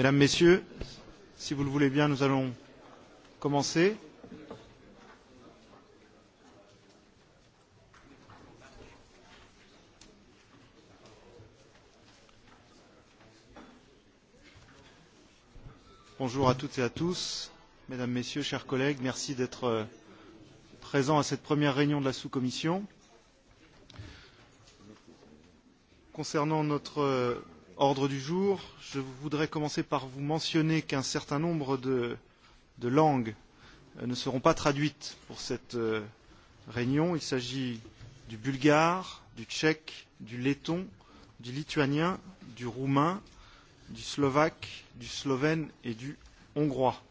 Mesdames, Messieurs, si vous le voulez bien, nous allons commencer. Bonjour à toutes et à tous, Mesdames, Messieurs, chers collègues, merci d'être euh, présents à cette première réunion de la sous-commission. Concernant notre euh, ordre du jour. Je voudrais commencer par vous mentionner qu'un certain nombre de, de langues euh, ne seront pas traduites pour cette euh, réunion. Il s'agit du bulgare, du tchèque, du letton, du lituanien, du roumain, du slovaque, du slovène et du hongrois.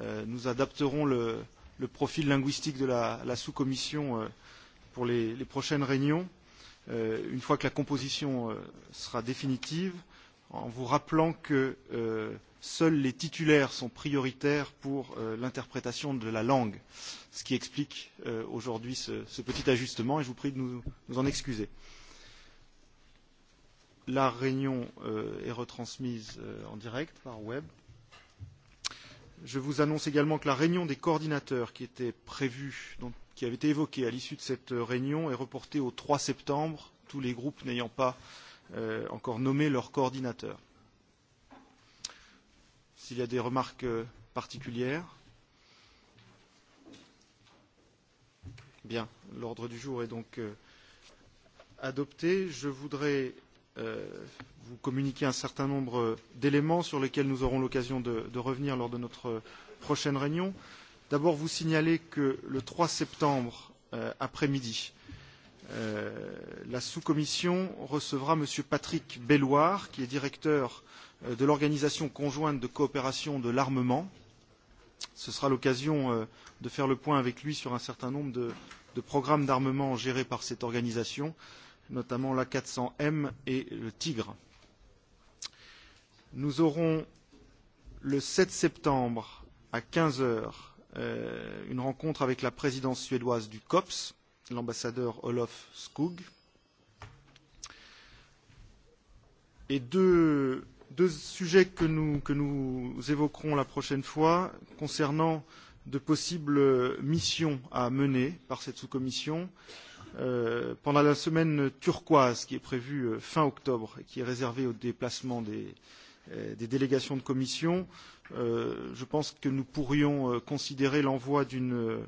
Euh, nous adapterons le, le profil linguistique de la, la sous-commission euh, pour les, les prochaines réunions. Euh, euh, une fois que la composition euh, sera définitive, en vous rappelant que euh, seuls les titulaires sont prioritaires pour euh, l'interprétation de la langue, ce qui explique euh, aujourd'hui ce, ce petit ajustement et je vous prie de nous, nous en excuser. La réunion euh, est retransmise euh, en direct par web. Je vous annonce également que la réunion des coordinateurs qui était prévue, dont qui avait été évoqué à l'issue de cette euh, réunion est reporté au 3 septembre, tous les groupes n'ayant pas euh, encore nommé leur coordinateur. S'il y a des remarques euh, particulières. Bien, l'ordre du jour est donc euh, adopté. Je voudrais euh, vous communiquer un certain nombre euh, d'éléments sur lesquels nous aurons l'occasion de, de revenir lors de notre euh, prochaine réunion. Euh, d'abord vous signaler que le 3 septembre euh, après-midi, euh, la sous-commission recevra M. Patrick Belloir, qui est directeur euh, de l'Organisation conjointe de coopération de l'armement. Ce sera l'occasion euh, de faire le point avec lui sur un certain nombre de, de programmes d'armement gérés par cette organisation, notamment l'A400M et le Tigre. Nous aurons le 7 septembre à 15 heures euh, une rencontre avec la présidence suédoise du COPS, l'ambassadeur Olof Skog, et deux, deux sujets que nous, que nous évoquerons la prochaine fois concernant de possibles missions à mener par cette sous-commission euh, pendant la semaine turquoise qui est prévue euh, fin octobre et qui est réservée au déplacement des, euh, Euh, des délégations de commission, euh, je pense que nous pourrions euh, considérer l'envoi d'une euh,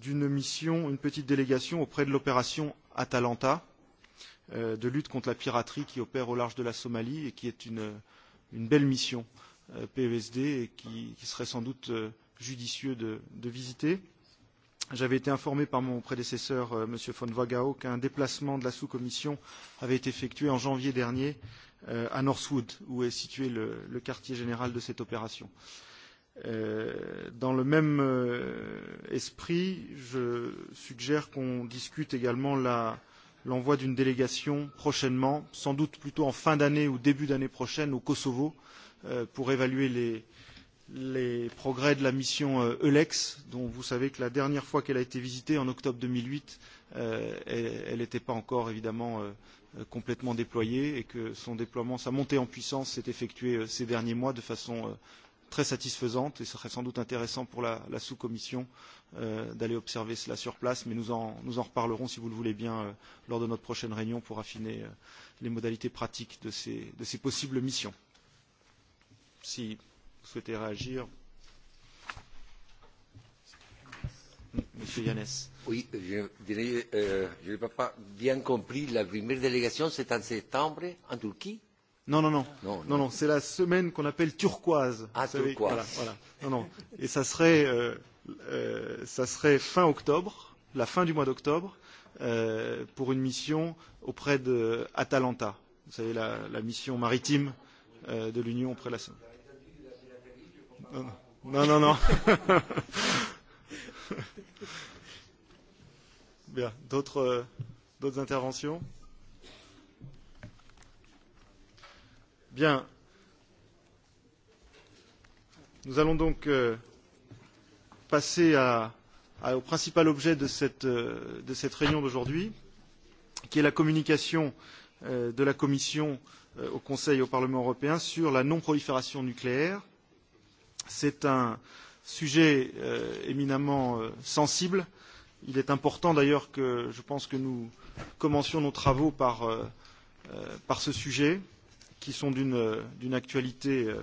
d'une mission, une petite délégation auprès de l'opération Atalanta euh, de lutte contre la piraterie qui opère au large de la Somalie et qui est une, euh, une belle mission euh, PESD et qui, qui serait sans doute euh, judicieux de, de visiter. J'avais été informé par mon prédécesseur, euh, M. von Wagao, qu'un déplacement de la sous-commission avait été effectué en janvier dernier euh, euh, à Northwood, où est situé le, le quartier général de cette opération. Euh, dans le même euh, esprit, je suggère qu'on discute également l'envoi d'une délégation prochainement, sans doute plutôt en fin d'année ou début d'année prochaine au Kosovo, euh, pour évaluer les, les progrès de la mission euh, Eulex, dont vous savez que la dernière fois qu'elle a été visitée, en octobre 2008, euh, elle n'était pas encore évidemment euh, euh, complètement déployée et que son déploiement, sa montée en puissance s'est effectuée euh, ces derniers mois de façon euh, très satisfaisante et ce serait sans doute intéressant pour la, la sous-commission euh, d'aller observer cela sur place, mais nous en, nous en reparlerons, si vous le voulez bien, euh, lors de notre prochaine réunion pour affiner euh, les modalités pratiques de ces, de ces possibles missions. Si souhaitez réagir Monsieur Yannès. Oui, je dirais, euh, je n'ai pas bien compris, la première délégation, c'est en septembre, en Turquie Non, non, non. Non, non. non, non c'est la semaine qu'on appelle turquoise. Ah, savez, turquoise. Voilà, voilà. Non, non. Et ça serait, euh, euh, ça serait fin octobre, la fin du mois d'octobre, euh, pour une mission auprès de Atalanta. Vous savez, la, la mission maritime euh, de l'Union auprès de la Somalie. Non, non, non. Bien. D'autres euh, d'autres interventions Bien. Nous allons donc euh, passer à, à, au principal objet de cette, euh, de cette réunion d'aujourd'hui, qui est la communication euh, de la Commission euh, au Conseil et au Parlement européen sur la non-prolifération nucléaire. Euh, C'est un sujet euh, éminemment euh, sensible. Il est important d'ailleurs que je pense que nous commencions nos travaux par, euh, euh par ce sujet, qui sont euh, d'une actualité euh,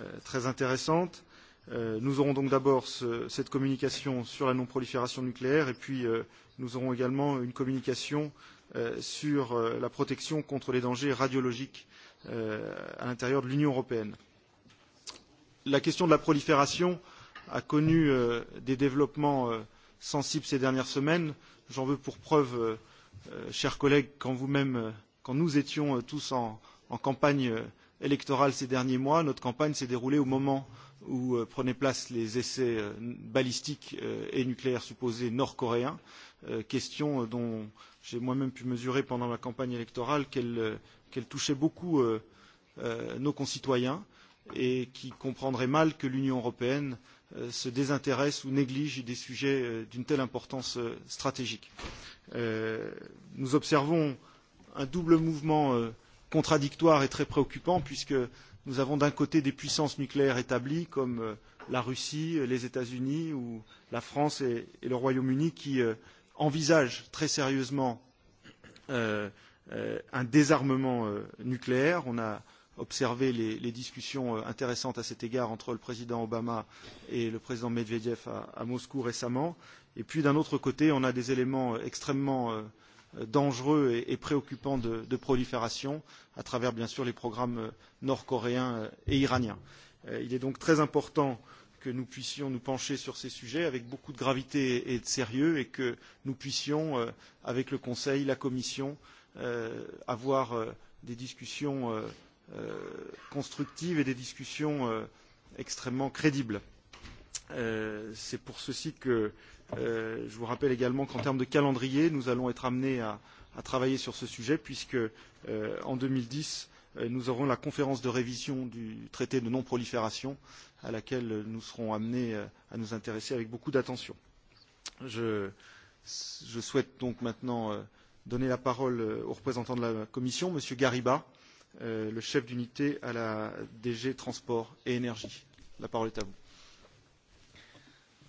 euh, très intéressante. Euh, nous aurons donc d'abord ce, cette communication sur la non-prolifération nucléaire et puis euh, nous aurons également une communication euh, sur euh, la protection contre les dangers radiologiques euh, à l'intérieur de l'Union européenne. Euh, la question de la prolifération a connu euh, des développements euh, sensibles ces dernières semaines. J'en veux pour preuve, euh, euh, chers collègues, quand vous-même, euh, quand nous étions euh, tous en, en campagne euh, électorale ces derniers mois, notre campagne s'est déroulée au moment où euh, prenaient place les essais euh, balistiques euh, et nucléaires supposés nord-coréens, euh, question euh, dont j'ai moi-même pu mesurer pendant ma campagne électorale qu'elle euh, qu touchait beaucoup euh, euh, nos concitoyens et qui comprendraient mal que l'Union européenne euh, se désintéresse ou néglige des sujets euh, d'une telle importance euh, stratégique. Euh, nous observons un double mouvement euh, contradictoire et très préoccupant puisque nous avons d'un côté des puissances nucléaires établies comme euh, la Russie, euh, les États-Unis ou la France et, et le Royaume-Uni qui euh, envisagent très sérieusement euh, euh, un désarmement euh, nucléaire. On a observé les, les discussions euh, intéressantes à cet égard entre le président Obama et le président Medvedev à, à Moscou récemment. Et puis d'un autre côté, on a des éléments euh, extrêmement euh, euh, dangereux et, et préoccupants de, de prolifération à travers bien sûr les programmes nord-coréens et iraniens. Il est donc très important que nous puissions nous pencher sur ces sujets avec beaucoup de gravité et de sérieux et que nous puissions, avec le Conseil, la Commission, avoir des discussions euh, constructives et des discussions euh, extrêmement crédibles. Euh, C'est pour ceci que euh, je vous rappelle également qu'en termes de calendrier, nous allons être amenés à, à travailler sur ce sujet puisque euh, en 2010, euh, nous aurons la conférence de révision du traité de non-prolifération à laquelle nous serons amenés euh, à nous intéresser avec beaucoup d'attention. Je, je souhaite donc maintenant euh, donner la parole euh, au représentant de la Commission, M. Gariba, euh, euh, le chef d'unité à la DG Transport et Énergie. La parole est à vous.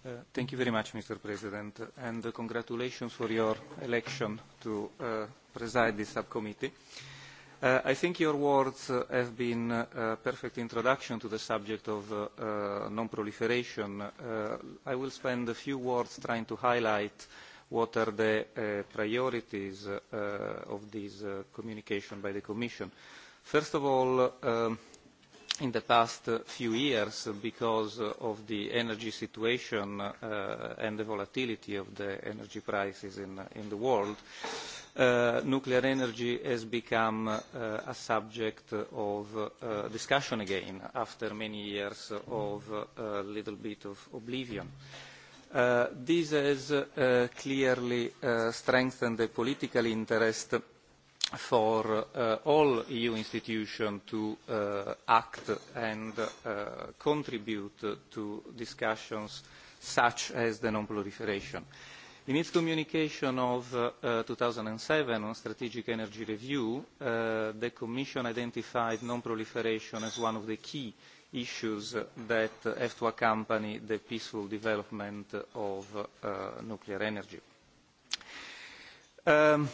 Uh, thank you very much, Mr. President, and uh, congratulations for your election to uh, preside this subcommittee. Uh, I think your words uh, have been uh, a perfect introduction to the subject of uh, uh, non-proliferation. Uh, I will spend a few words trying to highlight what are the uh, priorities uh, of this uh, communication by the Commission. Uh, First of all, um, in the past uh, few years, uh, because of the energy situation uh, and the volatility of the energy prices in, in the world, uh, nuclear energy has become uh, a subject of uh, discussion again after many years of a uh, little bit of oblivion. Uh, this has uh, clearly uh, strengthened the political interest uh, for uh, all EU institutions to uh, act and uh, contribute to discussions such as the non-proliferation. In its communication of uh, uh, 2007 on strategic energy review, uh, the Commission identified non-proliferation as one of the key issues that have to accompany the peaceful development of uh, nuclear energy. Uh, Um,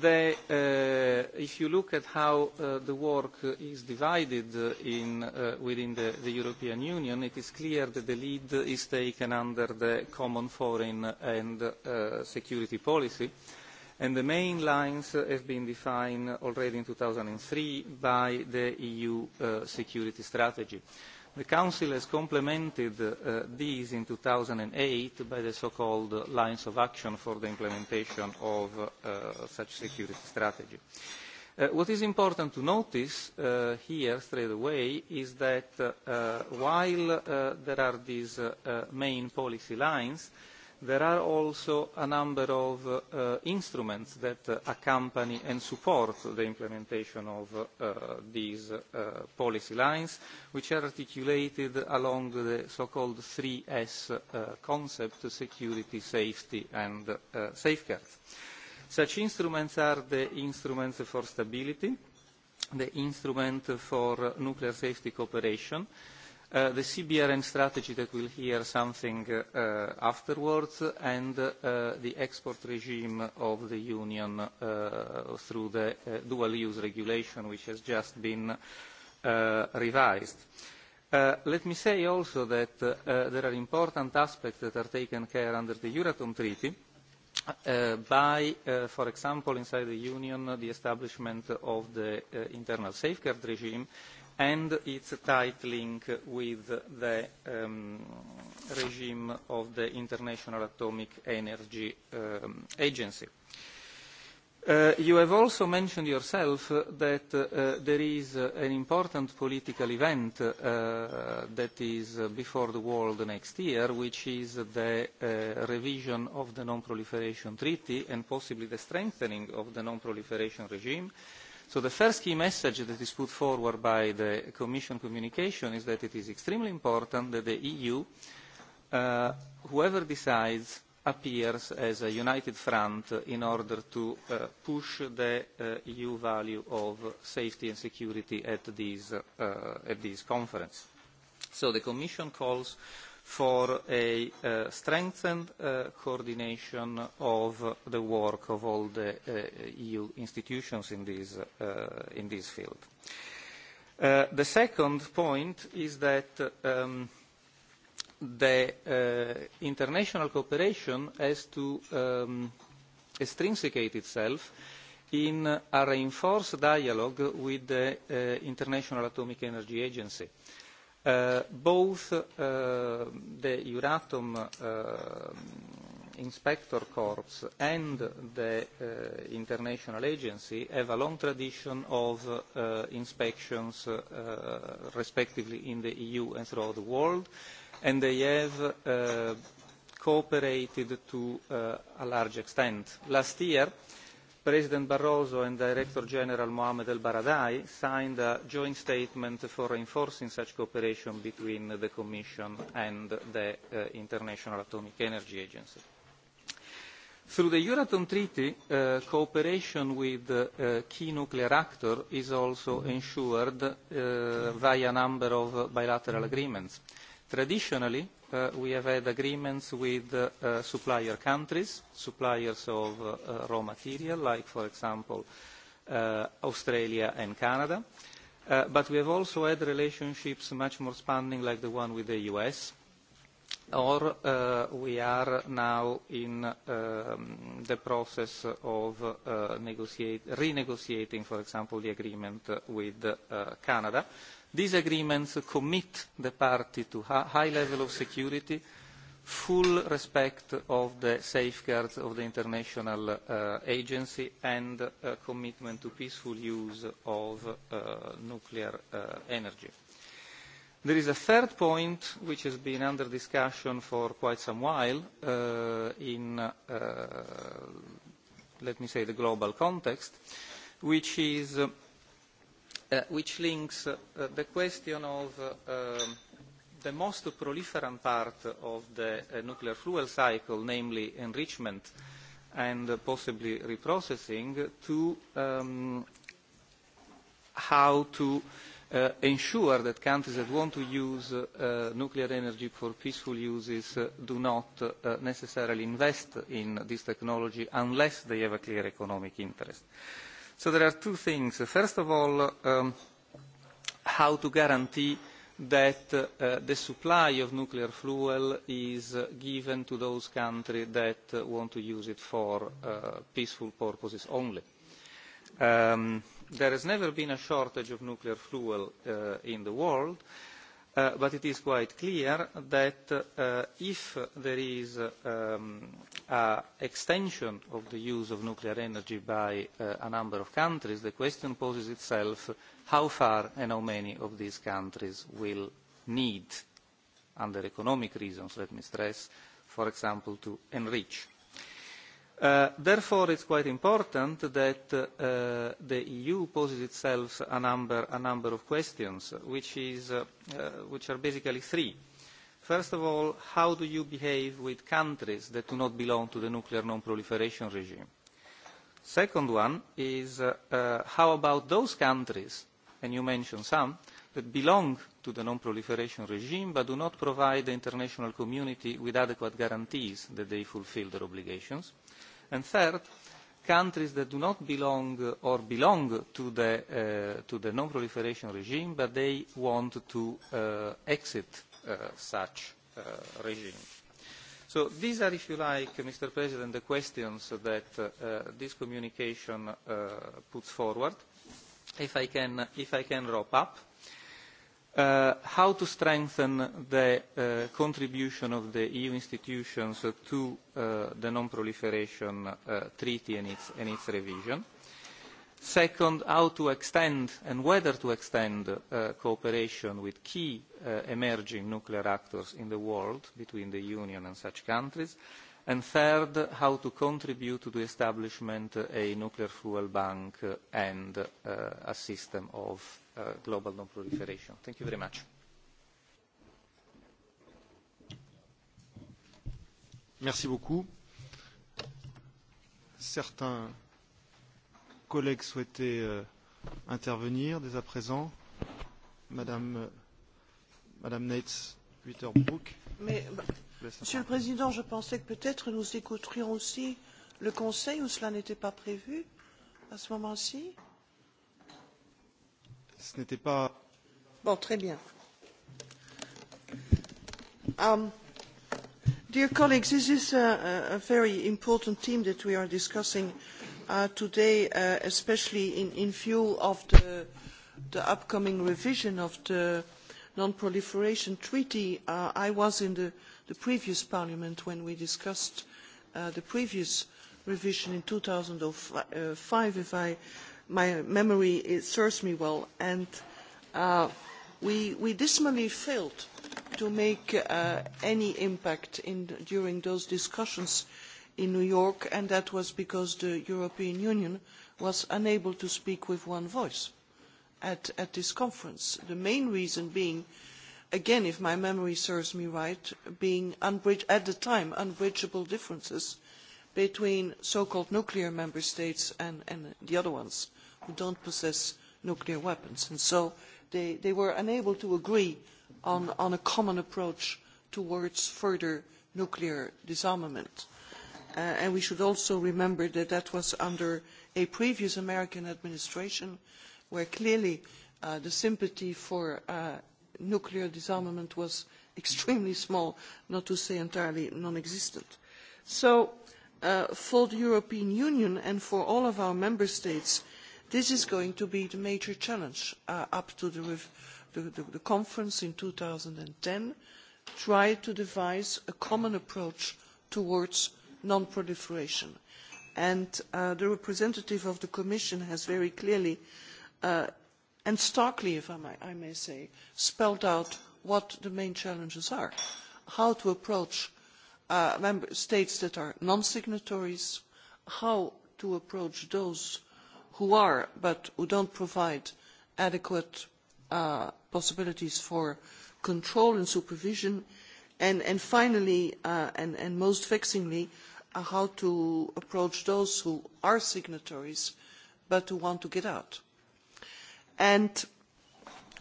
the, uh, if you look at how uh, the work is divided uh, in, uh, within the, the European Union, it is clear that the lead is taken under the common foreign and uh, security policy. And the main lines have been defined already in 2003 by the EU uh, security strategy. Uh, The Council has complemented uh, these in 2008 by the so-called lines of action for the implementation of uh, such security strategy. Uh, what is important to notice uh, here straight away is that uh, while uh, there are these uh, uh, main policy lines, uh, there are also a number of uh, instruments that uh, accompany and support the implementation of uh, these uh, policy lines, which are articulated along the so-called 3S uh, concept, security, safety and uh, safeguards. Such instruments are the instruments for stability, the instrument for nuclear safety cooperation, uh, Uh, the CBRN strategy that we'll hear something uh, uh, afterwards and uh, the export regime of the Union uh, through the uh, dual-use regulation which has just been uh, revised. Uh, let me say also that uh, uh, there are important aspects that are taken care under the Euratom Treaty uh, by, uh, for example, inside the Union, the establishment of the uh, internal safeguard regime uh, and its tight link with the um, regime of the International Atomic Energy um, Agency. Uh, you have also mentioned yourself uh, that uh, there is uh, an important political event uh, that is uh, before the world next year, which is the uh, revision of the Non-Proliferation Treaty and possibly the strengthening of the non-proliferation regime. Uh, so the first key message that is put forward by the commission communication is that it is extremely important that the eu uh, whoever decides appears as a united front in order to uh, push the uh, eu value of safety and security at this, uh, at this conference. so the commission calls for a uh, strengthened uh, coordination of the work of all the uh, EU institutions in this, uh, in this field. Uh, the second point is that um, the uh, international cooperation has to um, extrinsicate itself in a reinforced dialogue with the uh, International Atomic Energy Agency. Uh, Uh, both uh, the Euratom uh, Inspector Corps and the uh, International Agency have a long tradition of uh, inspections, uh, respectively, in the EU and throughout the world, and they have uh, cooperated to uh, a large extent. Last year, uh, President Barroso and Director General Mohamed El Baradei signed a joint statement for reinforcing such cooperation between the Commission and the uh, International Atomic Energy Agency. Through the Euratom Treaty, uh, cooperation with uh, key nuclear actor is also ensured uh, via a number of bilateral agreements. Traditionally, uh, we have had agreements with uh, uh, supplier countries, suppliers of uh, uh, raw material, like, for example, uh, Australia and Canada. Uh, but we have also had relationships much more spanning, like the one with the US, or uh, we are now in um, the process of uh, renegotiating, for example, the agreement with uh, Canada, These agreements commit the party to a high level of security, full respect of the safeguards of the international uh, agency and uh, commitment to peaceful use of uh, nuclear uh, energy. There is a third point which has been under discussion for quite some while uh, in, uh, let me say, the global context, which is uh, uh, which links uh, the question of uh, um, the most proliferant part of the uh, nuclear fuel cycle, namely enrichment and uh, possibly reprocessing, to um, how to uh, ensure that countries that want to use uh, nuclear energy for peaceful uses uh, do not uh, necessarily invest in this technology unless they have a clear economic interest. Uh, So there are two things. First of all, um, how to guarantee that uh, the supply of nuclear fuel is uh, given to those countries that uh, want to use it for uh, peaceful purposes only. Um, there has never been a shortage of nuclear fuel uh, in the world. Uh, Uh, but it is quite clear that uh, if there is um, an extension of the use of nuclear energy by uh, a number of countries, the question poses itself how far and how many of these countries will need, under economic reasons, let me stress, for example, to enrich uh, Uh, therefore it is quite important that uh, the eu poses itself a number, a number of questions which, is, uh, uh, which are basically three. first of all how do you behave with countries that do not belong to the nuclear non proliferation regime? second one is uh, uh, how about those countries and you mentioned some that belong to the non proliferation regime but do not provide the international community with adequate guarantees that they fulfil their obligations? And third, countries that do not belong or belong to the, uh, to the non-proliferation regime, but they want to uh, exit uh, such uh, regime. So these are, if you like, Mr. President, the questions that uh, this communication uh, puts forward. If I can, if I can wrap up, uh, Uh, how to strengthen the uh, contribution of the EU institutions to uh, the non-proliferation uh, treaty and its, and its revision. Second, how to extend and whether to extend uh, cooperation with key uh, emerging nuclear actors in the world between the Union and such countries. Uh, and third, how to contribute to the establishment of a nuclear fuel bank and uh, a system of uh, global non-proliferation. Thank you very much. Merci beaucoup. Certains collègues souhaitaient euh, intervenir dès à présent. Madame, euh, Madame Nates, Witterbrook. Mais, bah... Monsieur le Président, je pensais que peut-être nous écouterions aussi le Conseil où cela n'était pas prévu à ce moment-ci. Ce n'était pas. Bon, très bien. Um, dear colleagues, this is a, a very important theme that we are discussing uh, today, uh, especially in, in view of the, the upcoming revision of the non-proliferation treaty. Uh, I was in the the previous parliament when we discussed uh, the previous revision in 2005, if I, my memory it serves me well, and uh, we, we dismally failed to make uh, any impact in, during those discussions in New York, and that was because the European Union was unable to speak with one voice at, at this conference. The main reason being uh, again, if my memory serves me right, being unbridge, at the time unbridgeable differences between so-called nuclear member states and, and the other ones who don't possess nuclear weapons. And so they, they were unable to agree on, on a common approach towards further nuclear disarmament. Uh, and we should also remember that that was under a previous American administration where clearly uh, the sympathy for uh, nuclear disarmament was extremely small, not to say entirely non-existent. So uh, for the European Union and for all of our member states, this is going to be the major challenge uh, up to the, the, the, the conference in 2010, try to devise a common approach towards non-proliferation. And uh, the representative of the Commission has very clearly uh, and starkly, if I may, I may say, spelled out what the main challenges are, how to approach uh, member states that are non-signatories, how to approach those who are but who don't provide adequate uh, possibilities for control and supervision, and, and finally, uh, and, and most vexingly, uh, how to approach those who are signatories but who want to get out. And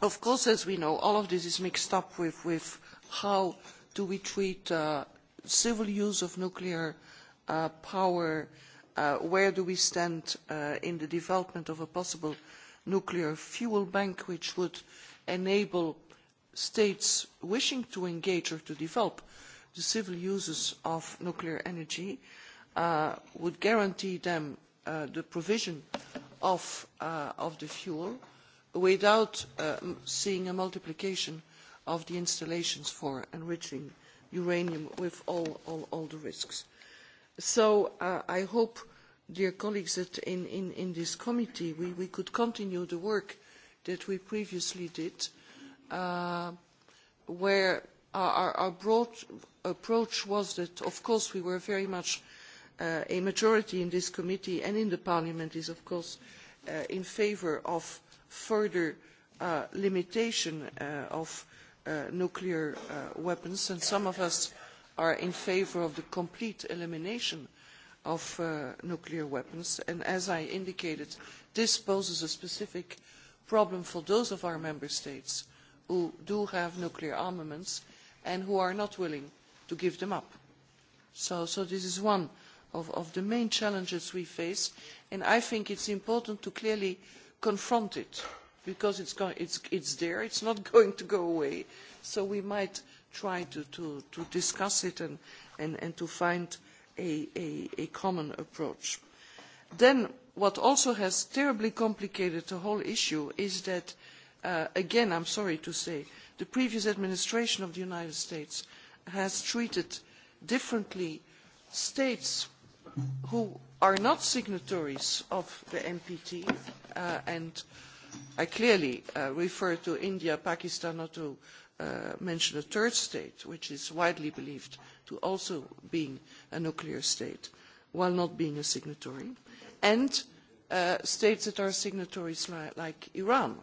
of course, as we know, all of this is mixed up with, with how do we treat uh, civil use of nuclear uh, power, uh, where do we stand uh, in the development of a possible nuclear fuel bank which would enable states wishing to engage or to develop the civil uses of nuclear energy uh, would guarantee them uh, the provision of, uh, of the fuel uh, without uh, seeing a multiplication of the installations for enriching uranium with all, all, all the risks. So uh, I hope, dear colleagues, that in, in, in this committee we, we could continue the work that we previously did, uh, where our, our broad approach was that, of course, we were very much uh, a majority in this committee and in the parliament is, of course, uh, in favour of further uh, limitation uh, of uh, nuclear uh, weapons, and some of us are in favor of the complete elimination of uh, nuclear weapons. And as I indicated, this poses a specific problem for those of our member states who do have nuclear armaments and who are not willing to give them up. So, so this is one of, of the main challenges we face, and I think it's important to clearly uh, confront it because it's, go, it's, it's there, it's not going to go away. So we might try to, to, to discuss it and, and, and to find a, a, a common approach. Then what also has terribly complicated the whole issue is that, uh, again, I'm sorry to say, the previous administration of the United States has treated differently states who are not signatories of the NPT uh, and I clearly uh, refer to India, Pakistan, not to uh, mention a third state, which is widely believed to also being a nuclear state, while not being a signatory, and uh, states that are signatories li like Iran.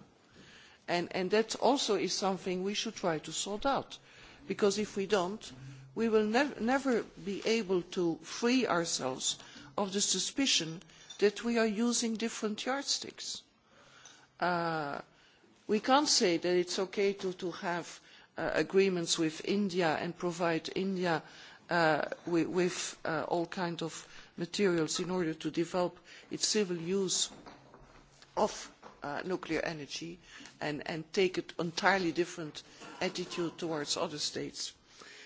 And, and that also is something we should try to sort out, because if we don't, we will nev never be able to free ourselves of the suspicion uh, that we are using different yardsticks. Uh, we can't say that it's okay to, to have uh, agreements with India and provide India uh, with, with uh, all kinds of materials in order to develop its civil use of uh, nuclear energy and, and take an entirely different attitude towards other states.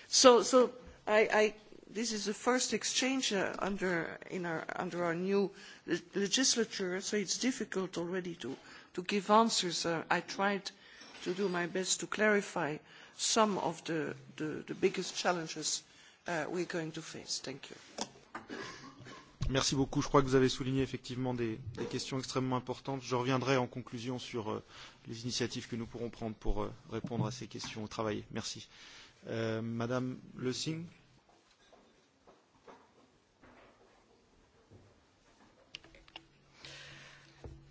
So, so I, I this is the first exchange uh, under, in our, under our new le legislature, so it's difficult already to, to give answers. Uh, I tried to do my best to clarify some of the, the, the biggest challenges uh, we're going to face. Thank you. Merci beaucoup. Je crois que vous avez souligné effectivement des, des questions extrêmement importantes. Je reviendrai en conclusion sur euh, les initiatives que nous pourrons prendre pour euh, répondre à ces questions au travail. Merci. Euh, Madame Le Singh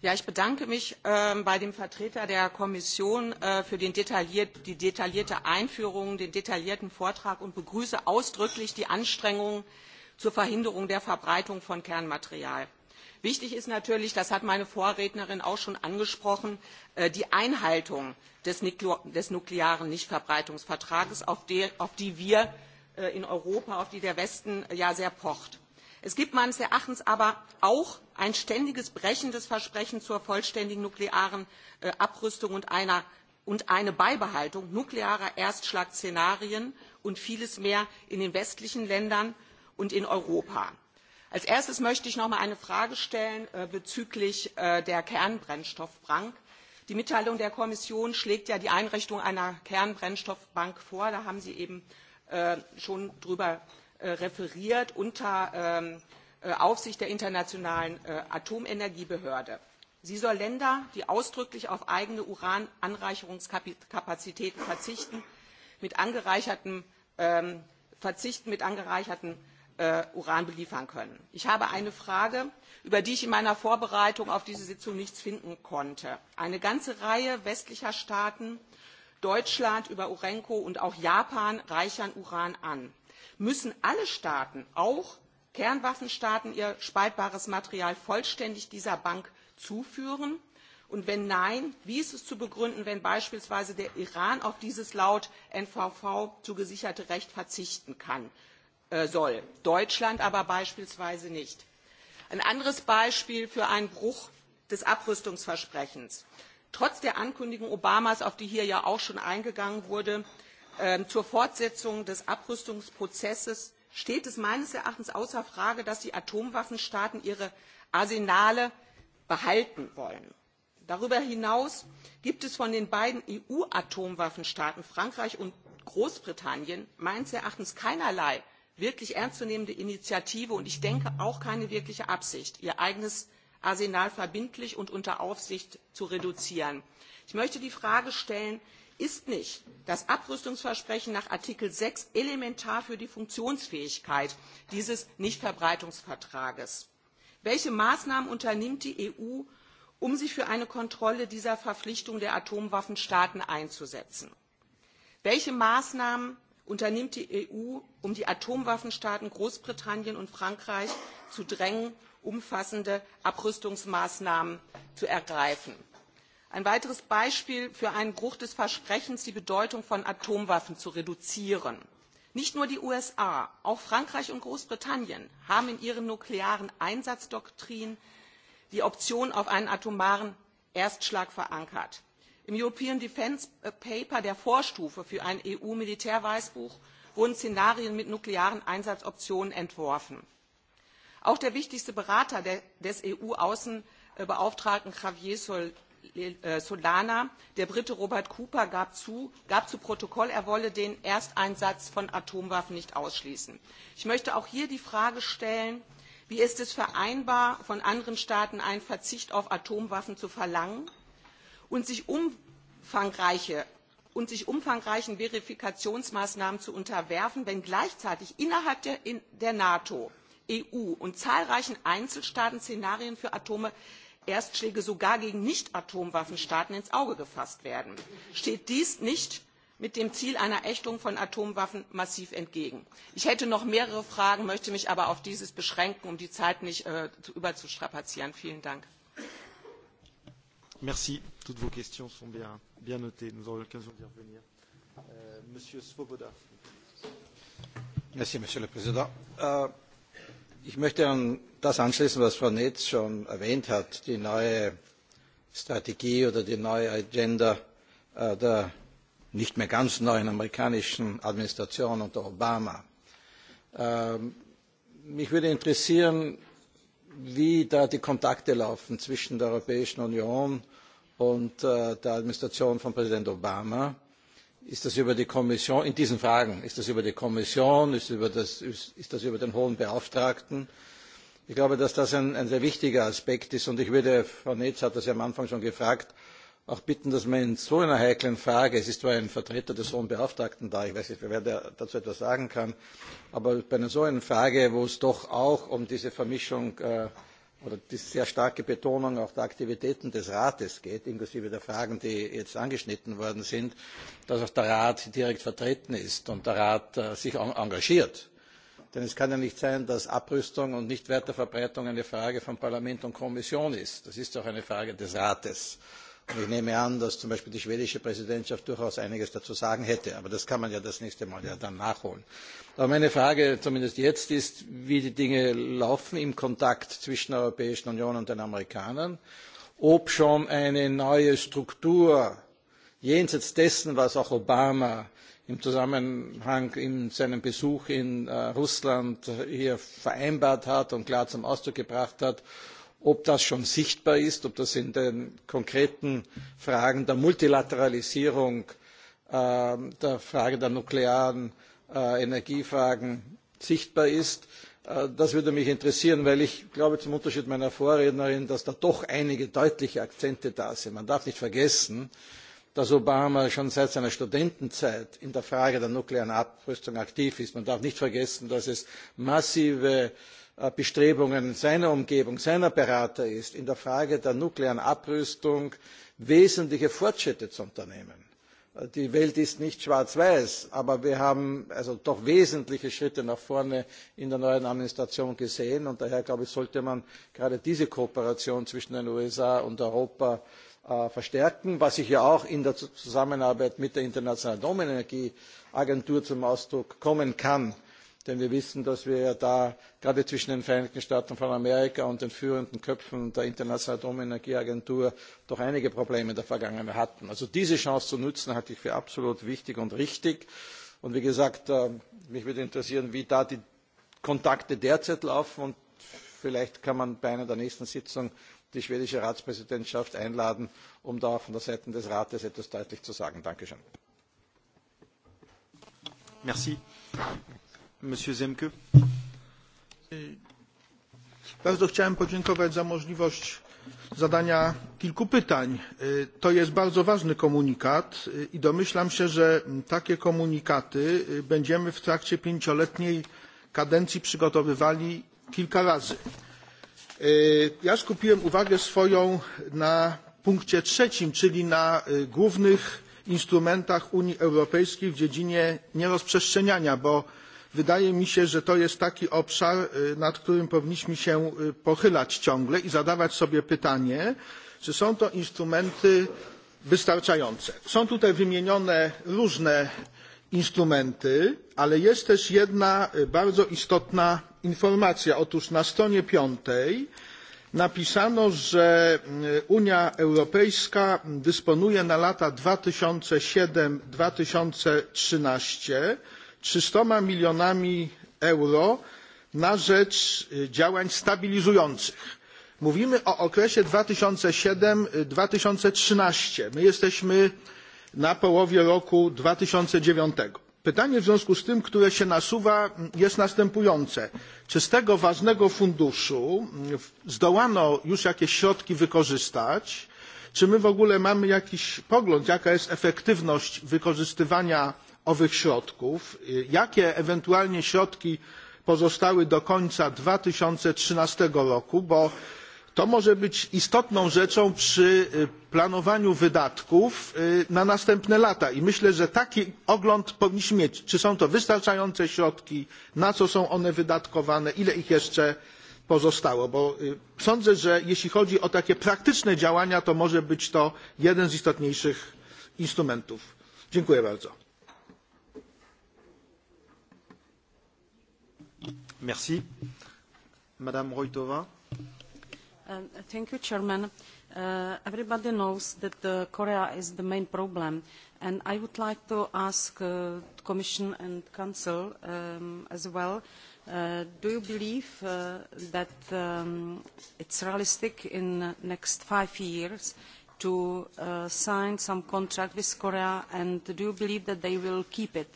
Ja, ich bedanke mich äh, bei dem Vertreter der Kommission äh, für den detailliert, die detaillierte Einführung, den detaillierten Vortrag und begrüße ausdrücklich die Anstrengungen zur Verhinderung der Verbreitung von Kernmaterial. Wichtig ist natürlich, das hat meine Vorrednerin auch schon angesprochen, äh, die Einhaltung des, Niklu des nuklearen Nichtverbreitungsvertrages, auf, de, auf die wir äh, in Europa, auf die der Westen äh, ja sehr pocht es gibt meines erachtens aber auch ein ständiges brechen des versprechens zur vollständigen nuklearen äh, abrüstung und, einer, und eine beibehaltung nuklearer erstschlagszenarien und vieles mehr in den westlichen ländern und in europa. als erstes möchte ich noch einmal eine frage stellen äh, bezüglich äh, der kernbrennstoffbank. die mitteilung der kommission schlägt ja die einrichtung einer kernbrennstoffbank vor da haben sie eben äh, schon darüber Äh, referiert unter ähm, äh, Aufsicht der Internationalen äh, Atomenergiebehörde. Sie soll Länder, die ausdrücklich auf eigene Urananreicherungskapazitäten verzichten, mit angereichertem, ähm, verzichten, mit angereichertem äh, Uran beliefern können. Ich habe eine Frage, über die ich in meiner Vorbereitung auf diese Sitzung nichts finden konnte. Eine ganze Reihe westlicher Staaten, Deutschland über Urenco und auch Japan reichern Uran an müssen alle Staaten, auch Kernwaffenstaaten, ihr spaltbares Material vollständig dieser Bank zuführen? Und wenn nein, wie ist es zu begründen, wenn beispielsweise der Iran auf dieses laut NVV zugesicherte Recht verzichten kann, äh, soll, Deutschland aber beispielsweise nicht? Ein anderes Beispiel für einen Bruch des Abrüstungsversprechens. Trotz der Ankündigung Obamas, auf die hier ja auch schon eingegangen wurde, Ähm, zur Fortsetzung des Abrüstungsprozesses steht es meines Erachtens außer Frage, dass die Atomwaffenstaaten ihre Arsenale behalten wollen. Darüber hinaus gibt es von den beiden EU-Atomwaffenstaaten Frankreich und Großbritannien meines Erachtens keinerlei wirklich ernstzunehmende Initiative und ich denke auch keine wirkliche Absicht, ihr eigenes Arsenal verbindlich und unter Aufsicht zu reduzieren. Ich möchte die Frage stellen, ist nicht das abrüstungsversprechen nach artikel sechs elementar für die funktionsfähigkeit dieses nichtverbreitungsvertrages? welche maßnahmen unternimmt die eu um sich für eine kontrolle dieser verpflichtung der atomwaffenstaaten einzusetzen? welche maßnahmen unternimmt die eu um die atomwaffenstaaten großbritannien und frankreich zu drängen umfassende abrüstungsmaßnahmen zu ergreifen? Ein weiteres Beispiel für einen Bruch des Versprechens, die Bedeutung von Atomwaffen zu reduzieren. Nicht nur die USA, auch Frankreich und Großbritannien haben in ihren nuklearen Einsatzdoktrinen die Option auf einen atomaren Erstschlag verankert. Im European Defence Paper, der Vorstufe für ein EU-Militärweißbuch, wurden Szenarien mit nuklearen Einsatzoptionen entworfen. Auch der wichtigste Berater der, des EU-Außenbeauftragten Javier Sol Äh, Solana, der Brite Robert Cooper, gab zu, gab zu Protokoll, er wolle den Ersteinsatz von Atomwaffen nicht ausschließen. Ich möchte auch hier die Frage stellen, wie ist es vereinbar, von anderen Staaten einen Verzicht auf Atomwaffen zu verlangen und sich umfangreiche und sich umfangreichen Verifikationsmaßnahmen zu unterwerfen, wenn gleichzeitig innerhalb der, in der NATO, EU und zahlreichen Einzelstaaten Szenarien für Atome Erstschläge sogar gegen Nicht-Atomwaffenstaaten ins Auge gefasst werden. Steht dies nicht mit dem Ziel einer Ächtung von Atomwaffen massiv entgegen. Ich hätte noch mehrere Fragen, möchte mich aber auf dieses beschränken, um die Zeit nicht äh, überzustrapazieren. Vielen Dank. Merci. Toutes vos questions sont bien, bien notées. Nous aurons l'occasion d'y revenir. Euh, Monsieur Svoboda. Merci, Monsieur le Président. Euh, Ich möchte an das anschließen, was Frau Netz schon erwähnt hat, die neue Strategie oder die neue Agenda äh, der nicht mehr ganz neuen amerikanischen Administration unter Obama. Ähm, mich würde interessieren, wie da die Kontakte laufen zwischen der Europäischen Union und äh, der Administration von Präsident Obama ist das über die kommission in diesen fragen ist das über die kommission ist, über das, ist, ist das über den hohen beauftragten? ich glaube dass das ein, ein sehr wichtiger aspekt ist und ich würde frau neyts hat das ja am anfang schon gefragt auch bitten dass man in so einer heiklen frage es ist zwar ein vertreter des hohen beauftragten da ich weiß nicht wer dazu etwas sagen kann aber bei einer solchen frage wo es doch auch um diese vermischung äh, oder die sehr starke Betonung auch der Aktivitäten des Rates geht, inklusive der Fragen, die jetzt angeschnitten worden sind, dass auch der Rat direkt vertreten ist und der Rat äh, sich engagiert. Denn es kann ja nicht sein, dass Abrüstung und Nichtweiterverbreitung eine Frage von Parlament und Kommission ist. Das ist doch eine Frage des Rates. Äh, Und ich nehme an, dass zum Beispiel die schwedische Präsidentschaft durchaus einiges dazu sagen hätte. Aber das kann man ja das nächste Mal ja dann nachholen. Aber meine Frage, zumindest jetzt, ist, wie die Dinge laufen im Kontakt zwischen der Europäischen Union und den Amerikanern. Ob schon eine neue Struktur jenseits dessen, was auch Obama im Zusammenhang in seinem Besuch in äh, Russland hier vereinbart hat und klar zum Ausdruck gebracht hat, ob das schon sichtbar ist ob das in den konkreten fragen der multilateralisierung ähm, der frage der nuklearen äh, energiefragen sichtbar ist äh, das würde mich interessieren weil ich glaube zum unterschied meiner vorrednerin dass da doch einige deutliche akzente da sind. man darf nicht vergessen dass obama schon seit seiner studentenzeit in der frage der nuklearen abrüstung aktiv ist. man darf nicht vergessen dass es massive Äh, bestrebungen seiner umgebung seiner berater ist in der frage der nuklearen abrüstung wesentliche fortschritte zu unternehmen. Äh, die welt ist nicht schwarz weiß aber wir haben doch wesentliche schritte nach vorne in der neuen administration gesehen und daher sollte man gerade diese kooperation zwischen den usa und europa äh, verstärken was sich ja auch in der zusammenarbeit mit der internationalen atomenergieagentur zum ausdruck kommen kann denn wir wissen, dass wir ja da gerade zwischen den Vereinigten Staaten von Amerika und den führenden Köpfen der Internationalen Atomenergieagentur doch einige Probleme in der Vergangenheit hatten. Also diese Chance zu nutzen, halte ich für absolut wichtig und richtig. Und wie gesagt, äh, mich würde interessieren, wie da die Kontakte derzeit laufen und vielleicht kann man bei einer der nächsten Sitzungen die schwedische Ratspräsidentschaft einladen, um da von der Seite des Rates etwas deutlich zu sagen. Dankeschön. Merci. Monsieur Zemke. Bardzo chciałem podziękować za możliwość zadania kilku pytań. To jest bardzo ważny komunikat i domyślam się, że takie komunikaty będziemy w trakcie pięcioletniej kadencji przygotowywali kilka razy. Ja skupiłem uwagę swoją na punkcie trzecim, czyli na głównych instrumentach Unii Europejskiej w dziedzinie nierozprzestrzeniania, bo wydaje mi się że to jest taki obszar nad którym powinniśmy się pochylać ciągle i zadawać sobie pytanie czy są to instrumenty wystarczające. są tutaj wymienione różne instrumenty ale jest też jedna bardzo istotna informacja otóż na stronie piątej napisano że unia europejska dysponuje na lata dwa tysiące siedem dwa tysiące trzynaście trzysta milionami euro na rzecz działań stabilizujących. mówimy o okresie dwa tysiące siedem dwa tysiące trzynaście my jesteśmy na połowie roku. dwa tysiące dziewięć pytanie w związku z tym które się nasuwa mm, jest następujące czy z tego ważnego funduszu mm, zdołano już jakieś środki wykorzystać czy my w ogóle mamy jakiś pogląd jaka jest efektywność wykorzystywania owych środków jakie ewentualnie środki pozostały do końca dwa tysiące trzynaście roku bo to może być istotną rzeczą przy planowaniu wydatków na następne lata i myślę że taki ogląd powinniśmy mieć czy są to wystarczające środki na co są one wydatkowane ile ich jeszcze pozostało bo sądzę że jeśli chodzi o takie praktyczne działania to może być to jeden z istotniejszych instrumentów. dziękuję bardzo. Merci. Madame Roitova. Um, thank you, Chairman. Uh, everybody knows that uh, Korea is the main problem, and I would like to ask uh, Commission and Council um, as well, uh, do you believe uh, that um, it's realistic in the next five years to uh, sign some contract with Korea, and do you believe that they will keep it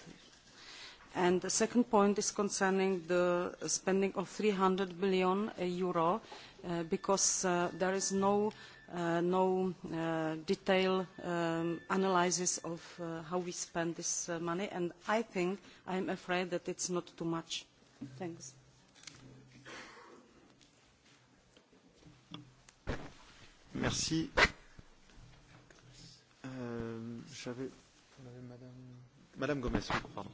And the second point is concerning the spending of 300 billion uh, euro, uh, because uh, there is no, uh, no uh, detailed um, analysis of uh, how we spend this uh, money, and I think, I'm afraid that it's not too much. Thanks. Merci. Euh, J'avais... Madame... Madame Gomez, pardon.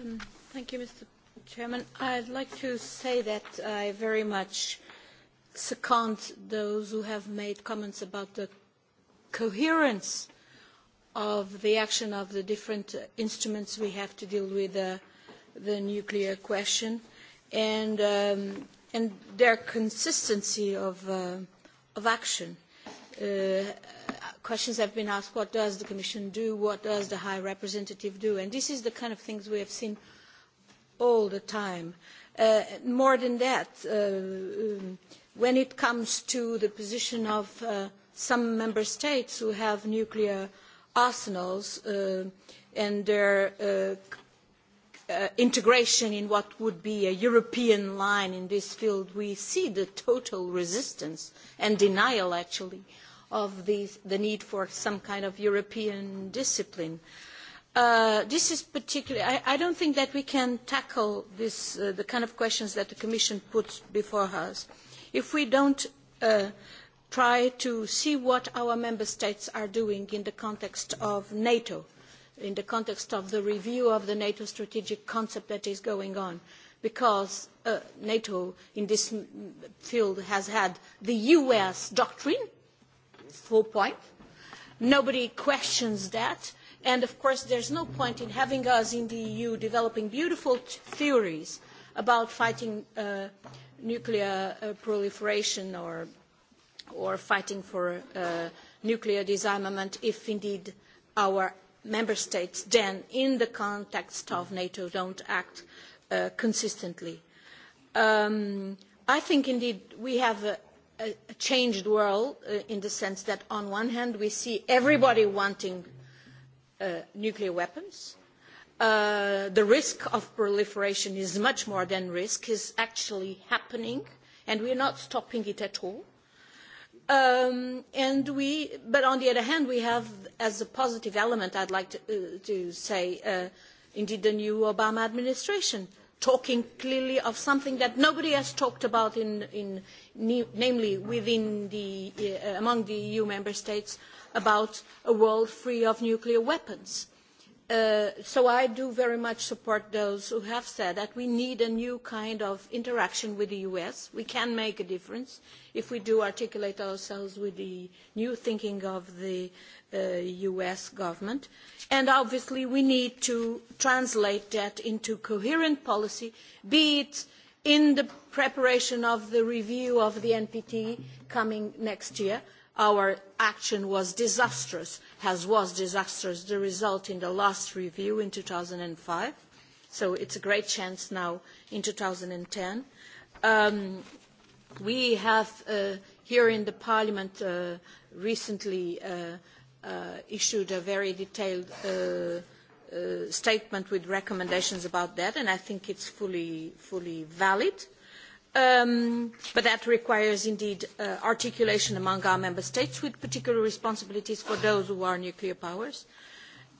Um, thank you, Mr. Chairman. I'd like to say that I very much second those who have made comments about the coherence of the action of the different instruments we have to deal with uh, the nuclear question and, um, and their consistency of, uh, of action. Uh, questions have been asked, what does the Commission do, what does the High Representative do? And this is the kind of things we have seen all the time. Uh, more than that, uh, um, when it comes to the position of uh, some member states who have nuclear arsenals uh, and their uh, uh, integration in what would be a European line in this field, we see the total resistance and denial, actually, uh, of the, the need for some kind of European discipline. Uh, this is particularly, I, I don't think that we can tackle this, uh, the kind of questions that the Commission puts before us if we don't uh, try to see what our member states are doing in the context of NATO, in the context of the review of the NATO strategic concept that is going on, because uh, NATO in this field has had the US doctrine, That's the whole point. Nobody questions that. And of course, there's no point in having us in the EU developing beautiful t- theories about fighting uh, nuclear uh, proliferation or, or fighting for uh, nuclear disarmament if indeed our member states then, in the context of NATO, don't act uh, consistently. Um, I think indeed we have a, a, a changed world uh, in the sense that on one hand we see everybody wanting uh, nuclear weapons. Uh, the risk of proliferation is much more than risk, is actually happening, and we're not stopping it at all. Um, and we, but on the other hand, we have, as a positive element, I'd like to, uh, to say, uh, indeed the new Obama administration, talking clearly of something that nobody has talked about in, in, namely within the, uh, among the EU member states, about a world free of nuclear weapons. Uh, so I do very much support those who have said that we need a new kind of interaction with the US. We can make a difference if we do articulate ourselves with the new thinking of the uh, US government. And obviously we need to translate that into coherent policy, be it uh, in the preparation of the review of the NPT coming next year, our action was disastrous, has was disastrous, the result in the last review in 2005. So it's a great chance now in 2010. Um, we have uh, here in the Parliament uh, recently uh, uh, issued a very detailed uh, uh, statement with recommendations about that, and I think it's fully, fully valid. Um, but that requires indeed uh, articulation among our member states with particular responsibilities for those who are nuclear powers.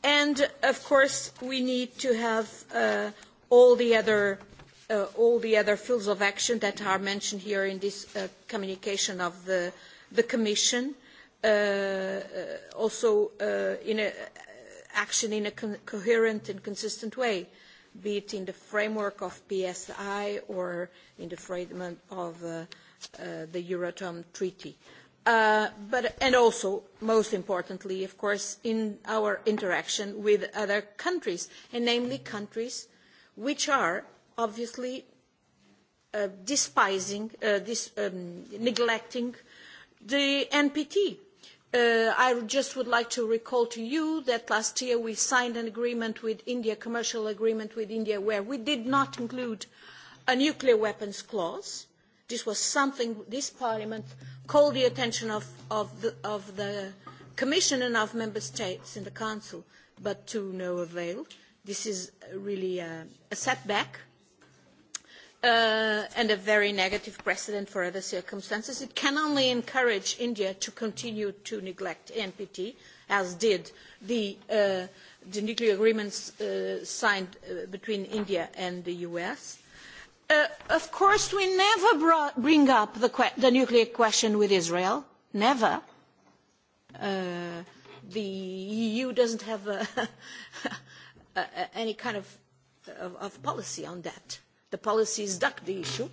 And of course, we need to have uh, all the other uh, all the other fields of action that are mentioned here in this uh, communication of the, the Commission, uh, uh, also uh, in a, action in a co coherent and consistent way, be it in the framework of PSI or in the framework of uh, uh, the Euratom Treaty. Uh, but, and also, most importantly, of course, in our interaction with other countries, and namely countries which are obviously uh, despising, uh, dis, um, neglecting the NPT, Uh, I just would like to recall to you that last year we signed an agreement with India, commercial agreement with India, where we did not include a nuclear weapons clause. This was something this Parliament called the attention of, of, the, of the Commission and of Member States in the Council, but to no avail. This is really a, a setback uh, and a very negative precedent for other circumstances. It can only encourage India to continue to neglect NPT, as did the, uh, the nuclear agreements uh, signed uh, between India and the US. Uh, of course, we never brought, bring up the, que the nuclear question with Israel. Never. Uh, the EU doesn't have a, a, any kind of, of, of policy on that the policies duck the issue.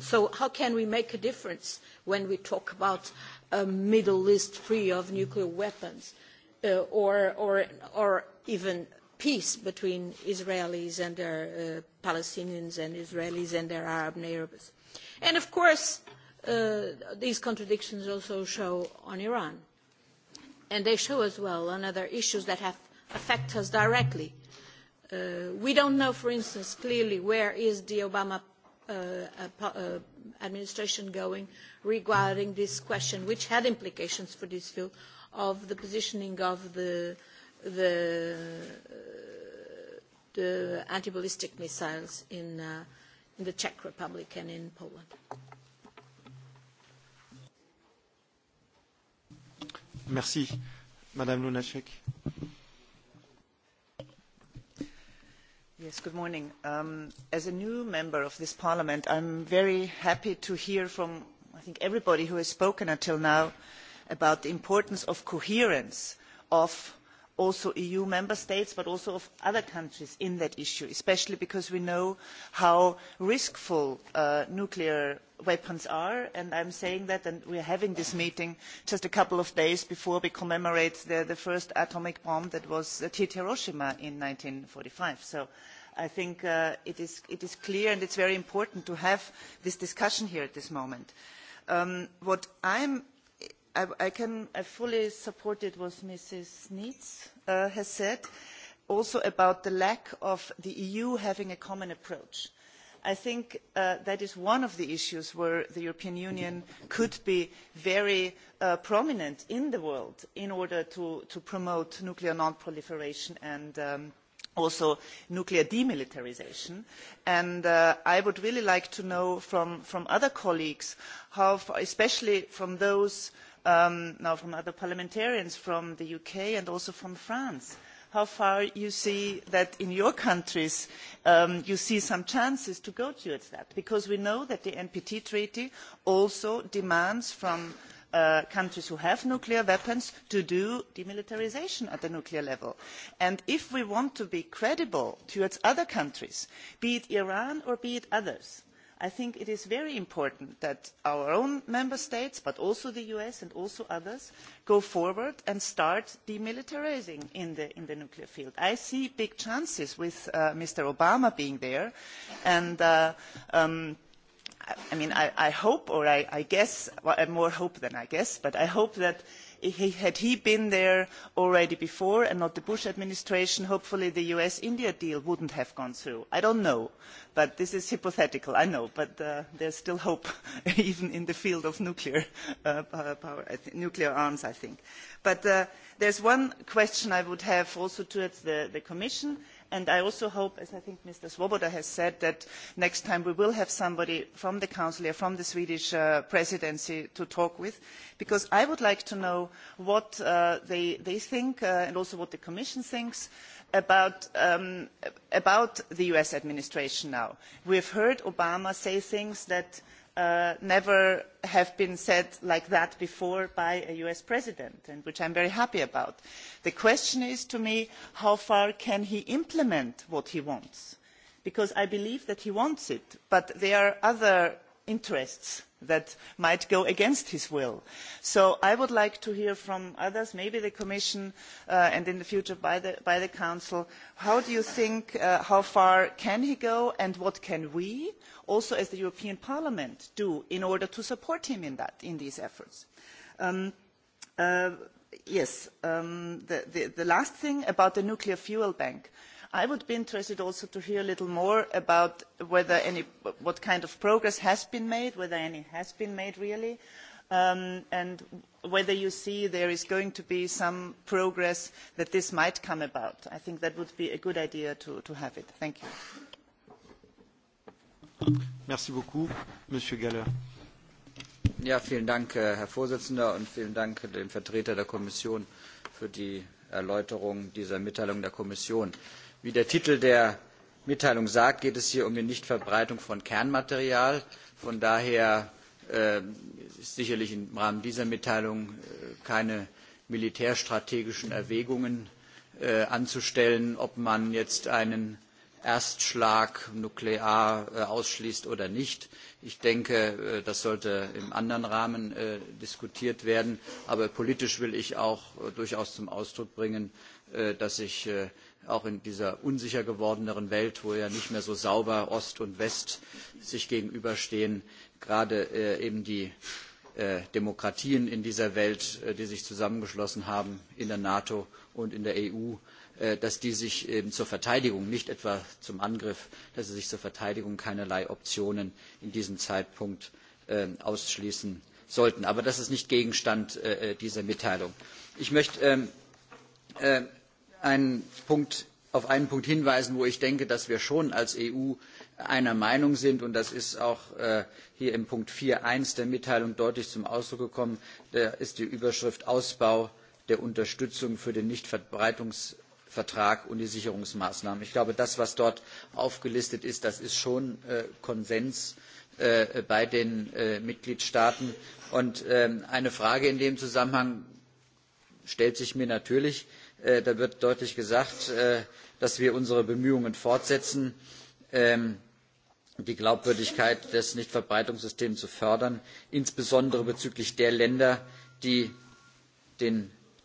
So how can we make a difference when we talk about a Middle East free of nuclear weapons uh, or, or, or even peace between Israelis and their uh, Palestinians and Israelis and their Arab neighbors? And of course, uh, these contradictions also show on Iran. And they show as well on other issues that have affect us directly uh, we don't know, for instance, clearly where is the Obama uh, uh, uh, administration going regarding this question, which had implications for this field of the positioning of the, the, uh, the anti-ballistic missiles in, uh, in the Czech Republic and in Poland. Merci. Madame Lunacek. Yes, good morning. Um, as a new member of this parliament, I'm very happy to hear from, I think, everybody who has spoken until now about the importance of coherence of also eu member states but also of other countries in that issue especially because we know how risky uh, nuclear weapons are and i am saying that and we are having this meeting just a couple of days before we commemorate the, the first atomic bomb that was hit uh, hiroshima in. one thousand nine hundred and forty five so i think uh, it, is, it is clear and it is very important to have this discussion here at this moment. Um, what i am I, I can I fully support what Mrs. Neitz uh, has said, also about the lack of the EU having a common approach. I think uh, that is one of the issues where the European Union could be very uh, prominent in the world in order to, to promote nuclear non-proliferation and um, also nuclear demilitarisation and uh, i would really like to know from, from other colleagues how far, especially from those um, now from other parliamentarians from the uk and also from france how far you see that in your countries um, you see some chances to go towards that because we know that the npt treaty also demands from uh, countries who have nuclear weapons to do demilitarisation at the nuclear level. And if we want to be credible towards other countries, be it Iran or be it others, i think it is very important that our own member states but also the us and also others go forward and start demilitarising in the, in the nuclear field. i see big chances with uh, mr obama being there and uh, um, I, I mean I, I hope or I, I guess well, I more hope than I guess, but I hope that he, had he been there already before and not the bush administration hopefully the us india deal would not have gone through. i do not know but this is hypothetical i know but uh, there is still hope even in the field of nuclear, uh, power, nuclear arms i think. but uh, there is one question i would have also towards the, the commission and i also hope as i think mr swoboda has said that next time we will have somebody from the council or from the swedish uh, presidency to talk with because i would like to know what uh, they, they think uh, and also what the commission thinks about, um, about the us administration now. we have heard obama say things that uh, never have been said like that before by a US president, and which I'm very happy about. The question is to me, how far can he implement what he wants? Because I believe that he wants it, but there are other interests that might go against his will. so i would like to hear from others maybe the commission uh, and in the future by the, by the council how do you think uh, how far can he go and what can we also as the european parliament do in order to support him in, that, in these efforts? Um, uh, yes um, the, the, the last thing about the nuclear fuel bank i would be interested also to hear a little more about whether any what kind of progress has been made whether any has been made really um, and whether you see there is going to be some progress that this might come about. I think that would be a good idea to, to have it. Thank you. Merci beaucoup, Monsieur Galler. Ja, vielen Dank, äh, Herr Vorsitzender, und vielen Dank dem Vertreter der Kommission für die Erläuterung dieser Mitteilung der Kommission wie der titel der mitteilung sagt geht es hier um die nichtverbreitung von kernmaterial. von daher äh, ist sicherlich im rahmen dieser mitteilung äh, keine militärstrategischen erwägungen äh, anzustellen ob man jetzt einen erstschlag nuklear ausschließt oder nicht. ich denke das sollte im anderen rahmen diskutiert werden. aber politisch will ich auch durchaus zum ausdruck bringen dass ich auch in dieser unsicher gewordeneren Welt, wo ja nicht mehr so sauber Ost und West sich gegenüberstehen, gerade äh, eben die äh, Demokratien in dieser Welt, äh, die sich zusammengeschlossen haben in der NATO und in der EU, äh, dass die sich eben zur Verteidigung, nicht etwa zum Angriff, dass sie sich zur Verteidigung keinerlei Optionen in diesem Zeitpunkt äh, ausschließen sollten. Aber das ist nicht Gegenstand äh, äh dieser Mitteilung. Ich möchte ähm, äh, einen Punkt, auf einen Punkt hinweisen, wo ich denke, dass wir schon als EU einer Meinung sind, und das ist auch äh, hier im Punkt 4.1 der Mitteilung deutlich zum Ausdruck gekommen, da ist die Überschrift Ausbau der Unterstützung für den Nichtverbreitungs Vertrag und die Sicherungsmaßnahmen. Ich glaube, das, was dort aufgelistet ist, das ist schon äh, Konsens äh, bei den äh, Mitgliedstaaten. Und ähm, eine Frage in dem Zusammenhang stellt sich mir natürlich, äh, Äh, da wird deutlich gesagt äh, dass wir unsere bemühungen fortsetzen ähm, die glaubwürdigkeit des nichtverbreitungssystems zu fördern insbesondere bezüglich der länder die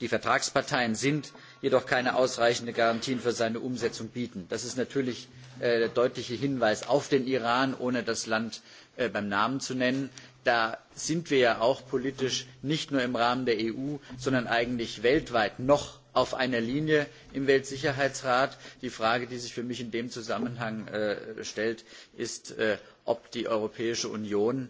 vertragsparteien sind jedoch keine ausreichenden garantien für seine umsetzung bieten. das ist natürlich äh, der deutliche hinweis auf den iran ohne das land beim namen zu nennen. da sind wir ja auch politisch nicht nur im rahmen der eu sondern eigentlich weltweit noch auf einer linie im weltsicherheitsrat. die frage die sich für mich in dem zusammenhang äh, stellt ist äh, ob die europäische union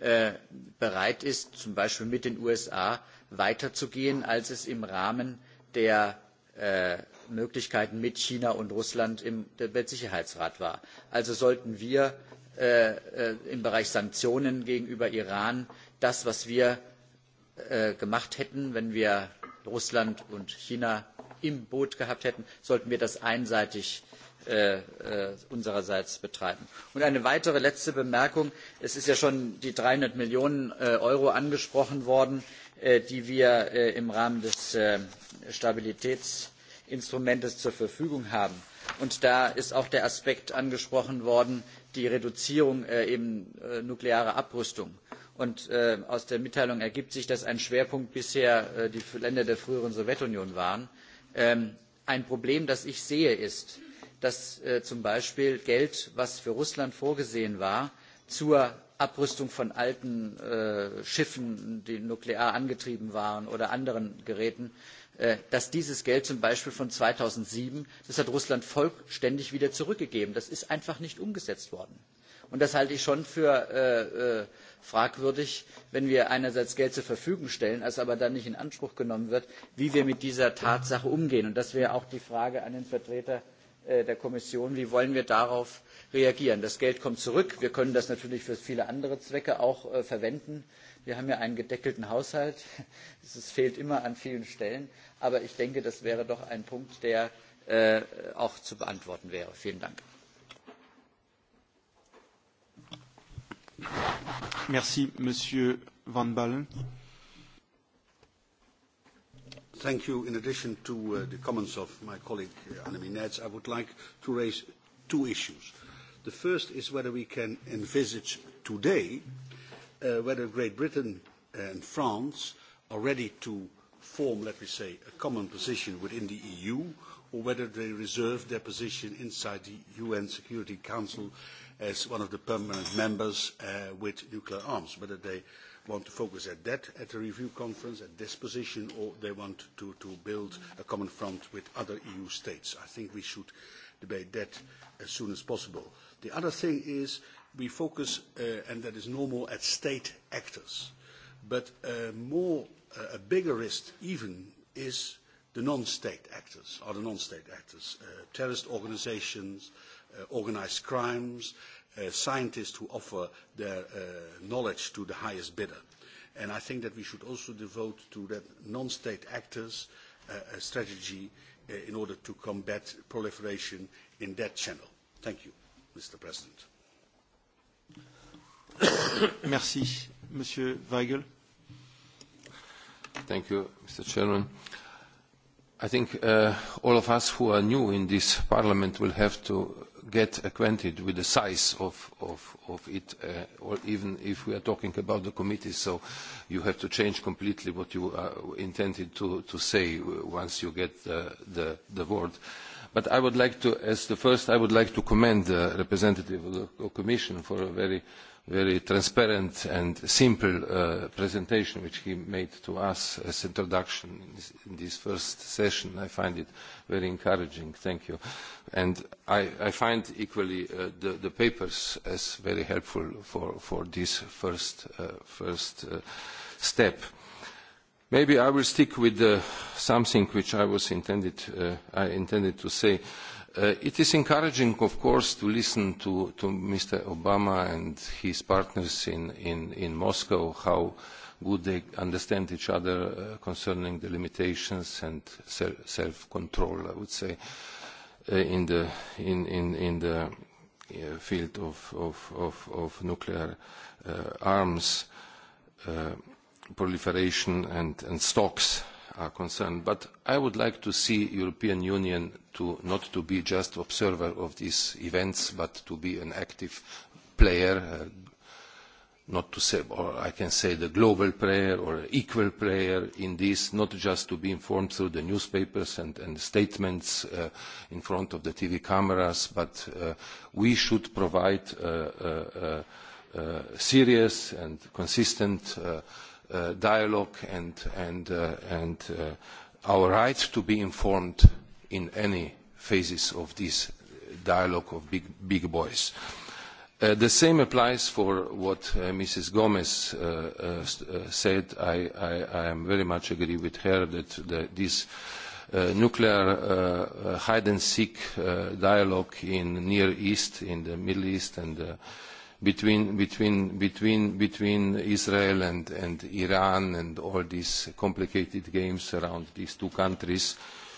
äh, bereit ist zum beispiel mit den usa weiterzugehen als es im rahmen der äh, möglichkeiten mit china und russland im weltsicherheitsrat war. also sollten wir äh, äh, im bereich sanktionen gegenüber iran das was wir gemacht hätten wenn wir russland und china im boot gehabt hätten sollten wir das einseitig äh, äh unsererseits betreiben. und eine weitere letzte bemerkung es sind ja schon die dreihundert millionen äh, euro angesprochen worden äh, die wir im rahmen des stabilitätsinstruments zur verfügung haben. und da ist auch der aspekt angesprochen worden die reduzierung nuklearer abrüstung. Und äh, aus der Mitteilung ergibt sich, dass ein Schwerpunkt bisher äh, die Länder der früheren Sowjetunion waren. Ähm, ein Problem, das ich sehe, ist, dass äh, zum Beispiel Geld, was für Russland vorgesehen war, zur Abrüstung von alten äh, Schiffen, die nuklear angetrieben waren oder anderen Geräten, äh, dass dieses Geld zum Beispiel von 2007, das hat Russland vollständig wieder zurückgegeben. Das ist einfach nicht umgesetzt worden und das halte ich schon für äh, äh, fragwürdig wenn wir einerseits geld zur verfügung stellen es aber dann nicht in anspruch genommen wird wie wir mit dieser tatsache umgehen. und das wäre auch die frage an den vertreter äh, der kommission wie wollen wir darauf reagieren? das geld kommt zurück wir können das natürlich für viele andere zwecke auch äh, verwenden wir haben ja einen gedeckelten haushalt es fehlt immer an vielen stellen aber ich denke das wäre doch ein punkt der äh, auch zu beantworten wäre. vielen dank. Merci, Monsieur Van Balen. Thank you. In addition to uh, the comments of my colleague, uh, Annemie Nerz, I would like to raise two issues. The first is whether we can envisage today uh, whether Great Britain and France are ready to form, let me say, a common position within the EU, or whether they reserve their position inside the UN Security Council as one of the permanent members uh, with nuclear arms, whether they want to focus at that at the review conference, at this position, or they want to, to build a common front with other EU states. I think we should debate that as soon as possible. The other thing is we focus, uh, and that is normal, at state actors. But uh, more, uh, a bigger risk even is the non-state actors, or the non-state actors, uh, terrorist organizations, uh, uh, organized crimes, uh, scientists who offer their uh, knowledge to the highest bidder. And I think that we should also devote to that non-state actors uh, a uh, strategy uh, in order to combat proliferation in that channel. Thank you, Mr. President. Merci. Monsieur Weigel. Thank you, Mr. Chairman. I think uh, all of us who are new in this Parliament will have to get acquainted with the size of, of, of it, uh, or even if we are talking about the committee, so you have to change completely what you uh, intended to, to say uh, once you get the, the, the word. But I would like to, as the first, I would like to commend the representative of the Commission for a very uh, very transparent and simple uh, presentation which he made to us as introduction in this, in this first session. I find it very encouraging. Thank you. And I, I find equally uh, the, the papers as very helpful for, for this first, uh, first uh, step. Maybe I will stick with uh, something which I was intended, uh, I intended to say. Uh, Uh, it is encouraging, of course, to listen to, to Mr. Obama and his partners in, in, in Moscow, how good they understand each other uh, concerning the limitations and self-control, I would say, uh, in the, in, in, in the uh, field of, of, of, of nuclear uh, arms uh, proliferation and, and stocks. Uh, are concerned. But I would like to see European Union to not to be just observer of these events, but to be an active player, uh, not to say, or I can say the global player or equal player in this, not just to be informed through the newspapers and, and statements uh, in front of the TV cameras, but uh, we should provide uh, uh, uh, uh, serious and consistent uh, uh, dialogue and, and, uh, and uh, our right to be informed in any phases of this dialogue of big, big boys. Uh, the same applies for what uh, Mrs. Gomez uh, uh, uh, said. I, I, I am very much agree with her that the, this uh, nuclear uh, uh hide-and-seek uh, dialogue in Near East, in the Middle East and uh, between, between, between, between Israel and, and Iran and all these complicated games around these two countries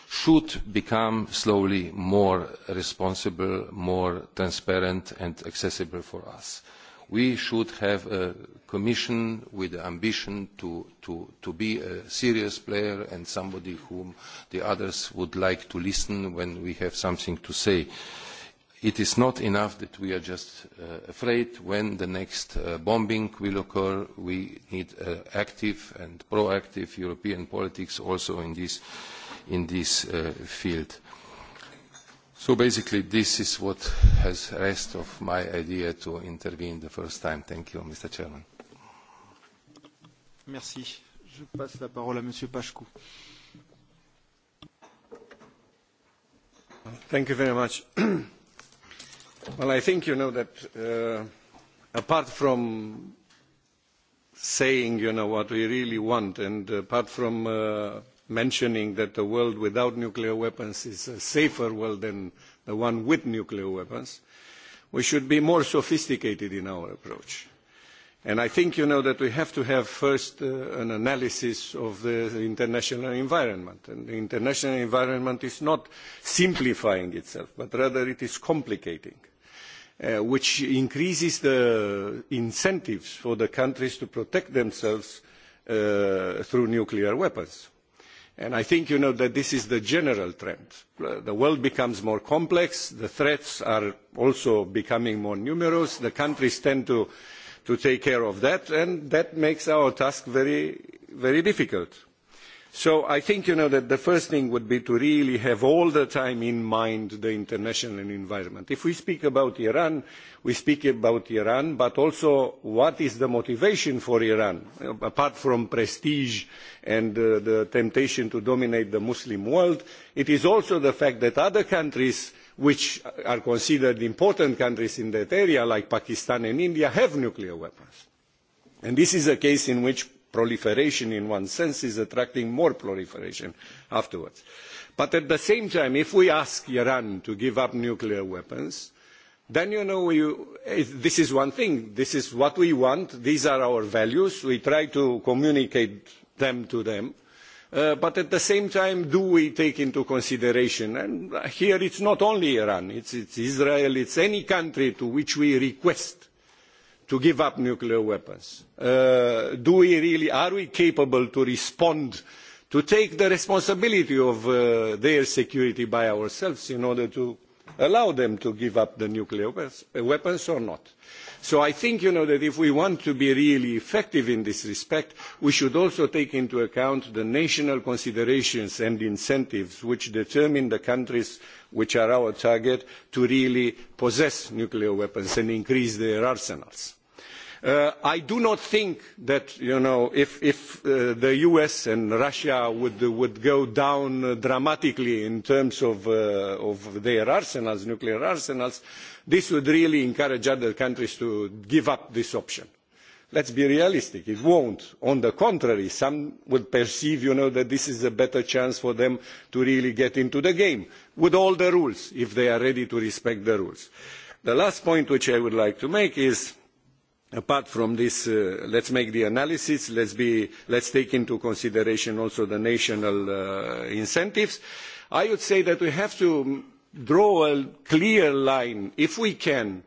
should become slowly more responsible, more transparent and accessible for us. We should have a commission with the ambition to, to, to be a serious player and somebody whom the others would like to listen when we have something to say. Uh, it is not enough that we are just uh, afraid when the next uh, bombing will occur. We need uh, active and proactive European politics also in this, in this uh, field. So basically this is what has rest of my idea to intervene the first time. Thank you, Mr. Chairman. Merci. Je passe la parole à Monsieur Pachkou. Thank you very much. Well, I think you know that uh, apart from saying you know what we really want and uh, apart from uh, mentioning that a world without nuclear weapons is a safer world than the one with nuclear weapons, we should be more sophisticated in our approach. And I think you know that we have to have first uh, an analysis of the international environment. And the international environment is not simplifying itself, but rather it is complicating. Uh, uh, which increases the incentives for the countries to protect themselves uh, through nuclear weapons. And I think you know that this is the general trend. Uh, the world becomes more complex, the threats are also becoming more numerous, the countries tend to, to take care of that, and that makes our task very, very difficult So I think you know that the first thing would be to really have all the time in mind the international environment. If we speak about Iran, we speak about Iran, but also what is the motivation for Iran, apart from prestige and uh, the temptation to dominate the Muslim world. It is also the fact that other countries which are considered important countries in that area, like Pakistan and India, have nuclear weapons. And this is a case in which proliferation in one sense is attracting more proliferation afterwards. But at the same time, if we ask Iran to give up nuclear weapons, then you know you, this is one thing. This is what we want. These are our values. We try to communicate them to them. Uh, but at the same time, do we take into consideration, and here it's not only Iran, it's, it's Israel, it's any country to which we request to give up nuclear weapons? Uh, do we really, are we capable to respond, to take the responsibility of uh, their security by ourselves in order to allow them to give up the nuclear weapons, uh, weapons or not? So I think you know, that if we want to be really effective in this respect, we should also take into account the national considerations and incentives which determine the countries which are our target to really possess nuclear weapons and increase their arsenals Uh, I do not think that you know, if, if uh, the US and Russia would, would go down uh, dramatically in terms of, uh, of their arsenals, nuclear arsenals, this would really encourage other countries to give up this option. Let's be realistic, it won't. On the contrary, some would perceive you know, that this is a better chance for them to really get into the game, with all the rules, if they are ready to respect the rules. The last point which I would like to make is apart from this uh, let's make the analysis let's be let's take into consideration also the national uh, incentives i would say that we have to draw a clear line if we can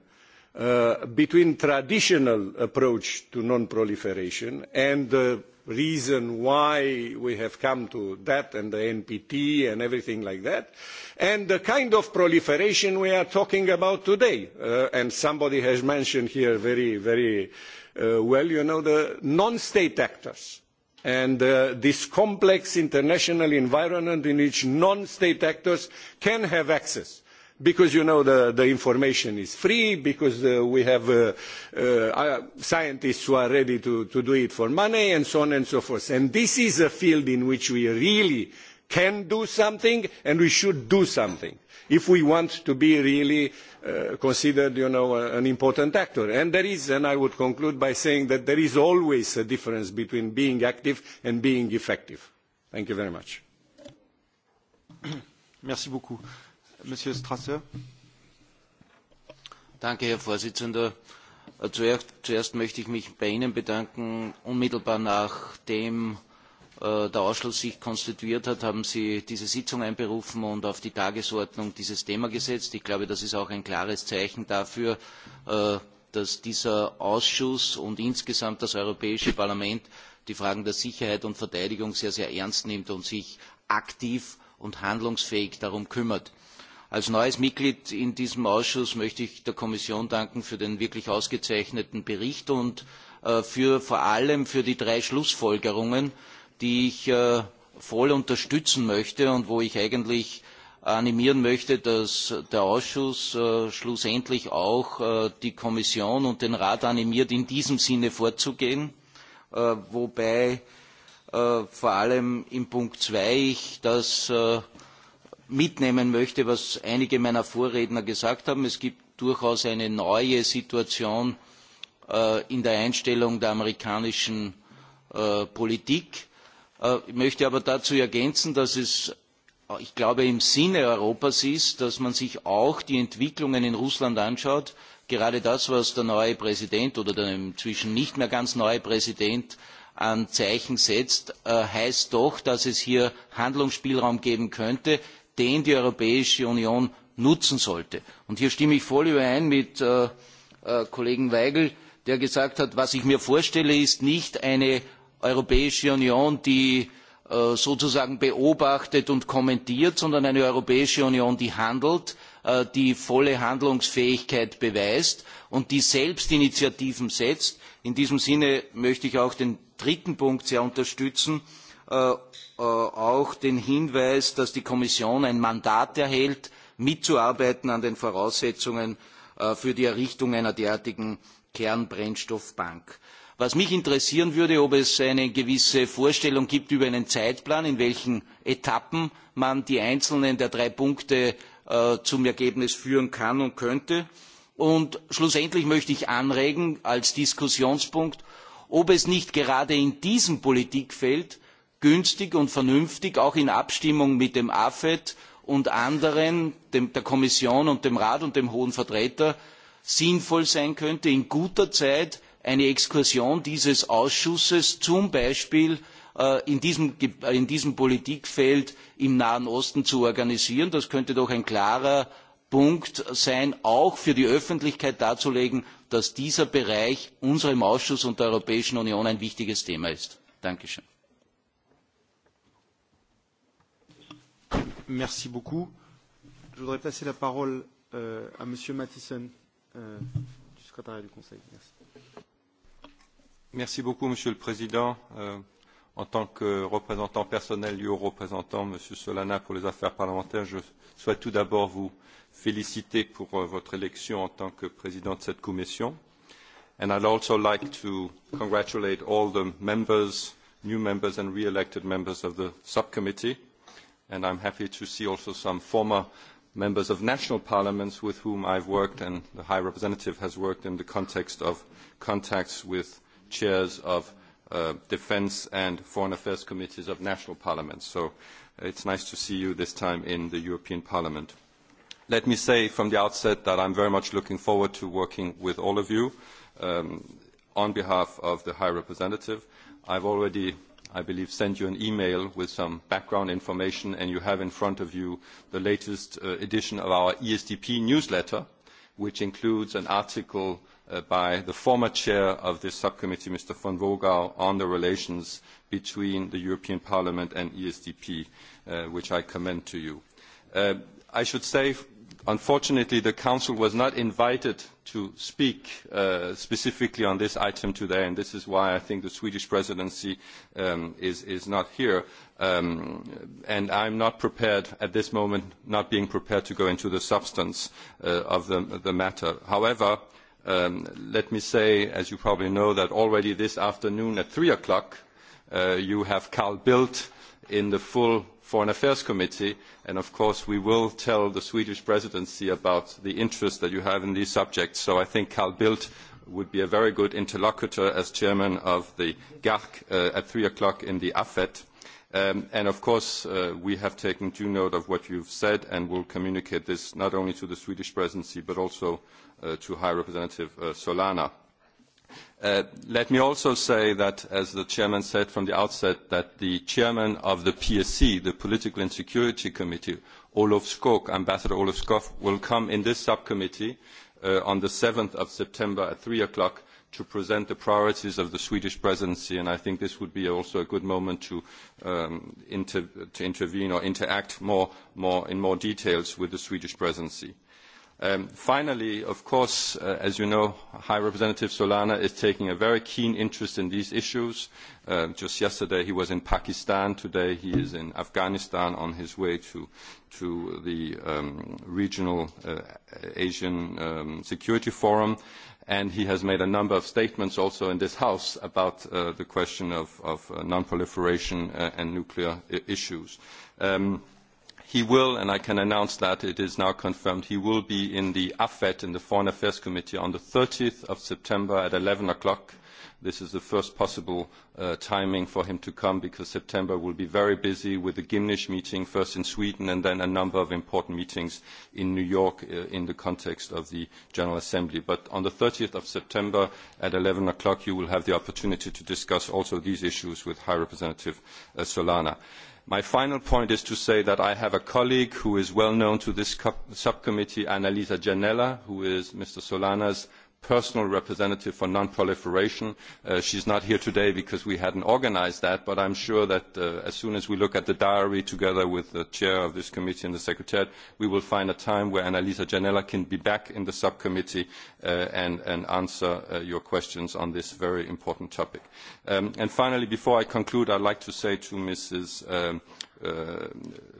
uh, between traditional approach to non proliferation and uh, reason why we have come to that and the NPT and everything like that, and the kind of proliferation we are talking about today. Uh, and somebody has mentioned here very, very uh, well, you know, the non-state actors and uh, this complex international environment in which non-state actors can have access because you know the, the information is free, because uh, we have uh, uh, uh, scientists who are ready to, to do it for money, and so on and so forth. And this is a field in which we really can do something, and we should do something if we want to be really uh, considered you know, an important actor. And there is, and I would conclude by saying that there is always a difference between being active and being effective. Thank you very much. Merci beaucoup. Monsieur Strasser. Danke, Herr Vorsitzender. Äh, zuerst, zuerst möchte ich mich bei Ihnen bedanken. Unmittelbar nachdem äh, der Ausschuss sich konstituiert hat, haben Sie diese Sitzung einberufen und auf die Tagesordnung dieses Thema gesetzt. Ich glaube, das ist auch ein klares Zeichen dafür, äh, dass dieser Ausschuss und insgesamt das Europäische Parlament die Fragen der Sicherheit und Verteidigung sehr, sehr ernst nimmt und sich aktiv und handlungsfähig darum kümmert. Als neues Mitglied in diesem Ausschuss möchte ich der Kommission danken für den wirklich ausgezeichneten Bericht und äh, für, vor allem für die drei Schlussfolgerungen, die ich äh, voll unterstützen möchte und wo ich eigentlich animieren möchte, dass der Ausschuss äh, schlussendlich auch äh, die Kommission und den Rat animiert, in diesem Sinne vorzugehen, äh, wobei äh, vor allem in Punkt 2 ich das äh, mitnehmen möchte, was einige meiner Vorredner gesagt haben. Es gibt durchaus eine neue Situation äh, in der Einstellung der amerikanischen äh, Politik. Äh, ich möchte aber dazu ergänzen, dass es, äh, ich glaube, im Sinne Europas ist, dass man sich auch die Entwicklungen in Russland anschaut. Gerade das, was der neue Präsident oder der inzwischen nicht mehr ganz neue Präsident an Zeichen setzt, äh, heißt doch, dass es hier Handlungsspielraum geben könnte, den die Europäische Union nutzen sollte. Und hier stimme ich voll überein mit äh, äh, Kollegen Weigel, der gesagt hat, was ich mir vorstelle, ist nicht eine Europäische Union, die äh, sozusagen beobachtet und kommentiert, sondern eine Europäische Union, die handelt, äh, die volle Handlungsfähigkeit beweist und die selbst Initiativen setzt. In diesem Sinne möchte ich auch den dritten Punkt sehr unterstützen, äh, äh, auch den Hinweis, dass die Kommission ein Mandat erhält, mitzuarbeiten an den Voraussetzungen äh, für die Errichtung einer derartigen Kernbrennstoffbank. Was mich interessieren würde, ob es eine gewisse Vorstellung gibt über einen Zeitplan, in welchen Etappen man die einzelnen der drei Punkte äh, zum Ergebnis führen kann und könnte. Und schlussendlich möchte ich anregen als Diskussionspunkt, ob es nicht gerade in diesem Politikfeld günstig und vernünftig auch in abstimmung mit dem afet und anderen dem, der kommission und dem rat und dem hohen vertreter sinnvoll sein könnte in guter zeit eine exkursion dieses ausschusses zum beispiel äh, in diesem, äh, in diesem politikfeld im nahen osten zu organisieren. das könnte doch ein klarer punkt sein auch für die öffentlichkeit darzulegen dass dieser bereich unserem ausschuss und der europäischen union ein wichtiges thema ist. danke schön. Merci beaucoup. Je voudrais passer la parole euh, à Monsieur Mathison euh, du secrétariat du Conseil. Merci. Merci beaucoup, Monsieur le Président. Euh, en tant que représentant personnel du haut représentant, M. Solana, pour les affaires parlementaires, je souhaite tout d'abord vous féliciter pour euh, votre élection en tant que président de cette commission. And I'd also like to congratulate all the members, new members and re-elected members of the subcommittee and I'm happy to see also some former members of national parliaments with whom I've worked and the High Representative has worked in the context of contacts with chairs of uh, defense and foreign affairs committees of national parliaments. So uh, it's nice to see you this time in the European Parliament. Let me say from the outset that I'm very much looking forward to working with all of you um, on behalf of the High Representative. I've already I believe, sent you an email with some background information, and you have in front of you the latest uh, edition of our ESDP newsletter, which includes an article uh, by the former chair of this subcommittee, Mr. von Wogau, on the relations between the European Parliament and ESDP, uh, which I commend to you. Uh, I should say unfortunately the council was not invited to speak uh, specifically on this item today and this is why i think the swedish presidency um, is, is not here um, and i'm not prepared at this moment not being prepared to go into the substance uh, of the, the matter however um, let me say as you probably know that already this afternoon at three o'clock uh, you have carl bildt in the full Foreign Affairs Committee, and of course we will tell the Swedish presidency about the interest that you have in these subjects, so I think Carl Bildt would be a very good interlocutor as chairman of the GARC uh, at 3 o'clock in the AFET. Um, and of course, uh, we have taken due note of what you've said and will communicate this not only to the Swedish presidency but also uh, to High Representative uh, Solana. Uh, let me also say that, as the chairman said from the outset, that the chairman of the PSC, the Political and Security Committee, Olof Skog, Ambassador Olof Skog, will come in this subcommittee uh, on the 7th of September at 3 o'clock to present the priorities of the Swedish presidency, and I think this would be also a good moment to, um, inter to intervene or interact more, more in more details with the Swedish presidency. Um, finally, of course, uh, as you know, High Representative Solana is taking a very keen interest in these issues. Uh, just yesterday he was in Pakistan, today he is in Afghanistan on his way to, to the um, regional uh, Asian um, Security Forum, and he has made a number of statements also in this House about uh, the question of, of uh, non-proliferation uh, and nuclear I- uh, issues. Um, he will, and I can announce that it is now confirmed, he will be in the AFET, in the Foreign Affairs Committee, on the 30th of September at 11 o'clock. This is the first possible uh, timing for him to come because September will be very busy with the Gimnish meeting, first in Sweden, and then a number of important meetings in New York uh, in the context of the General Assembly. But on the 30th of September at 11 o'clock, you will have the opportunity to discuss also these issues with High Representative uh, Solana. Uh, my final point is to say that i have a colleague who is well known to this subcommittee annalisa gianella who is mr solana's personal representative for non-proliferation. Uh, she's not here today because we hadn't organized that, but I'm sure that uh, as soon as we look at the diary together with the chair of this committee and the secretariat, we will find a time where Annalisa Janella can be back in the subcommittee uh, and, and answer uh, your questions on this very important topic. Um, and finally, before I conclude, I'd like to say to Mrs. Um, uh,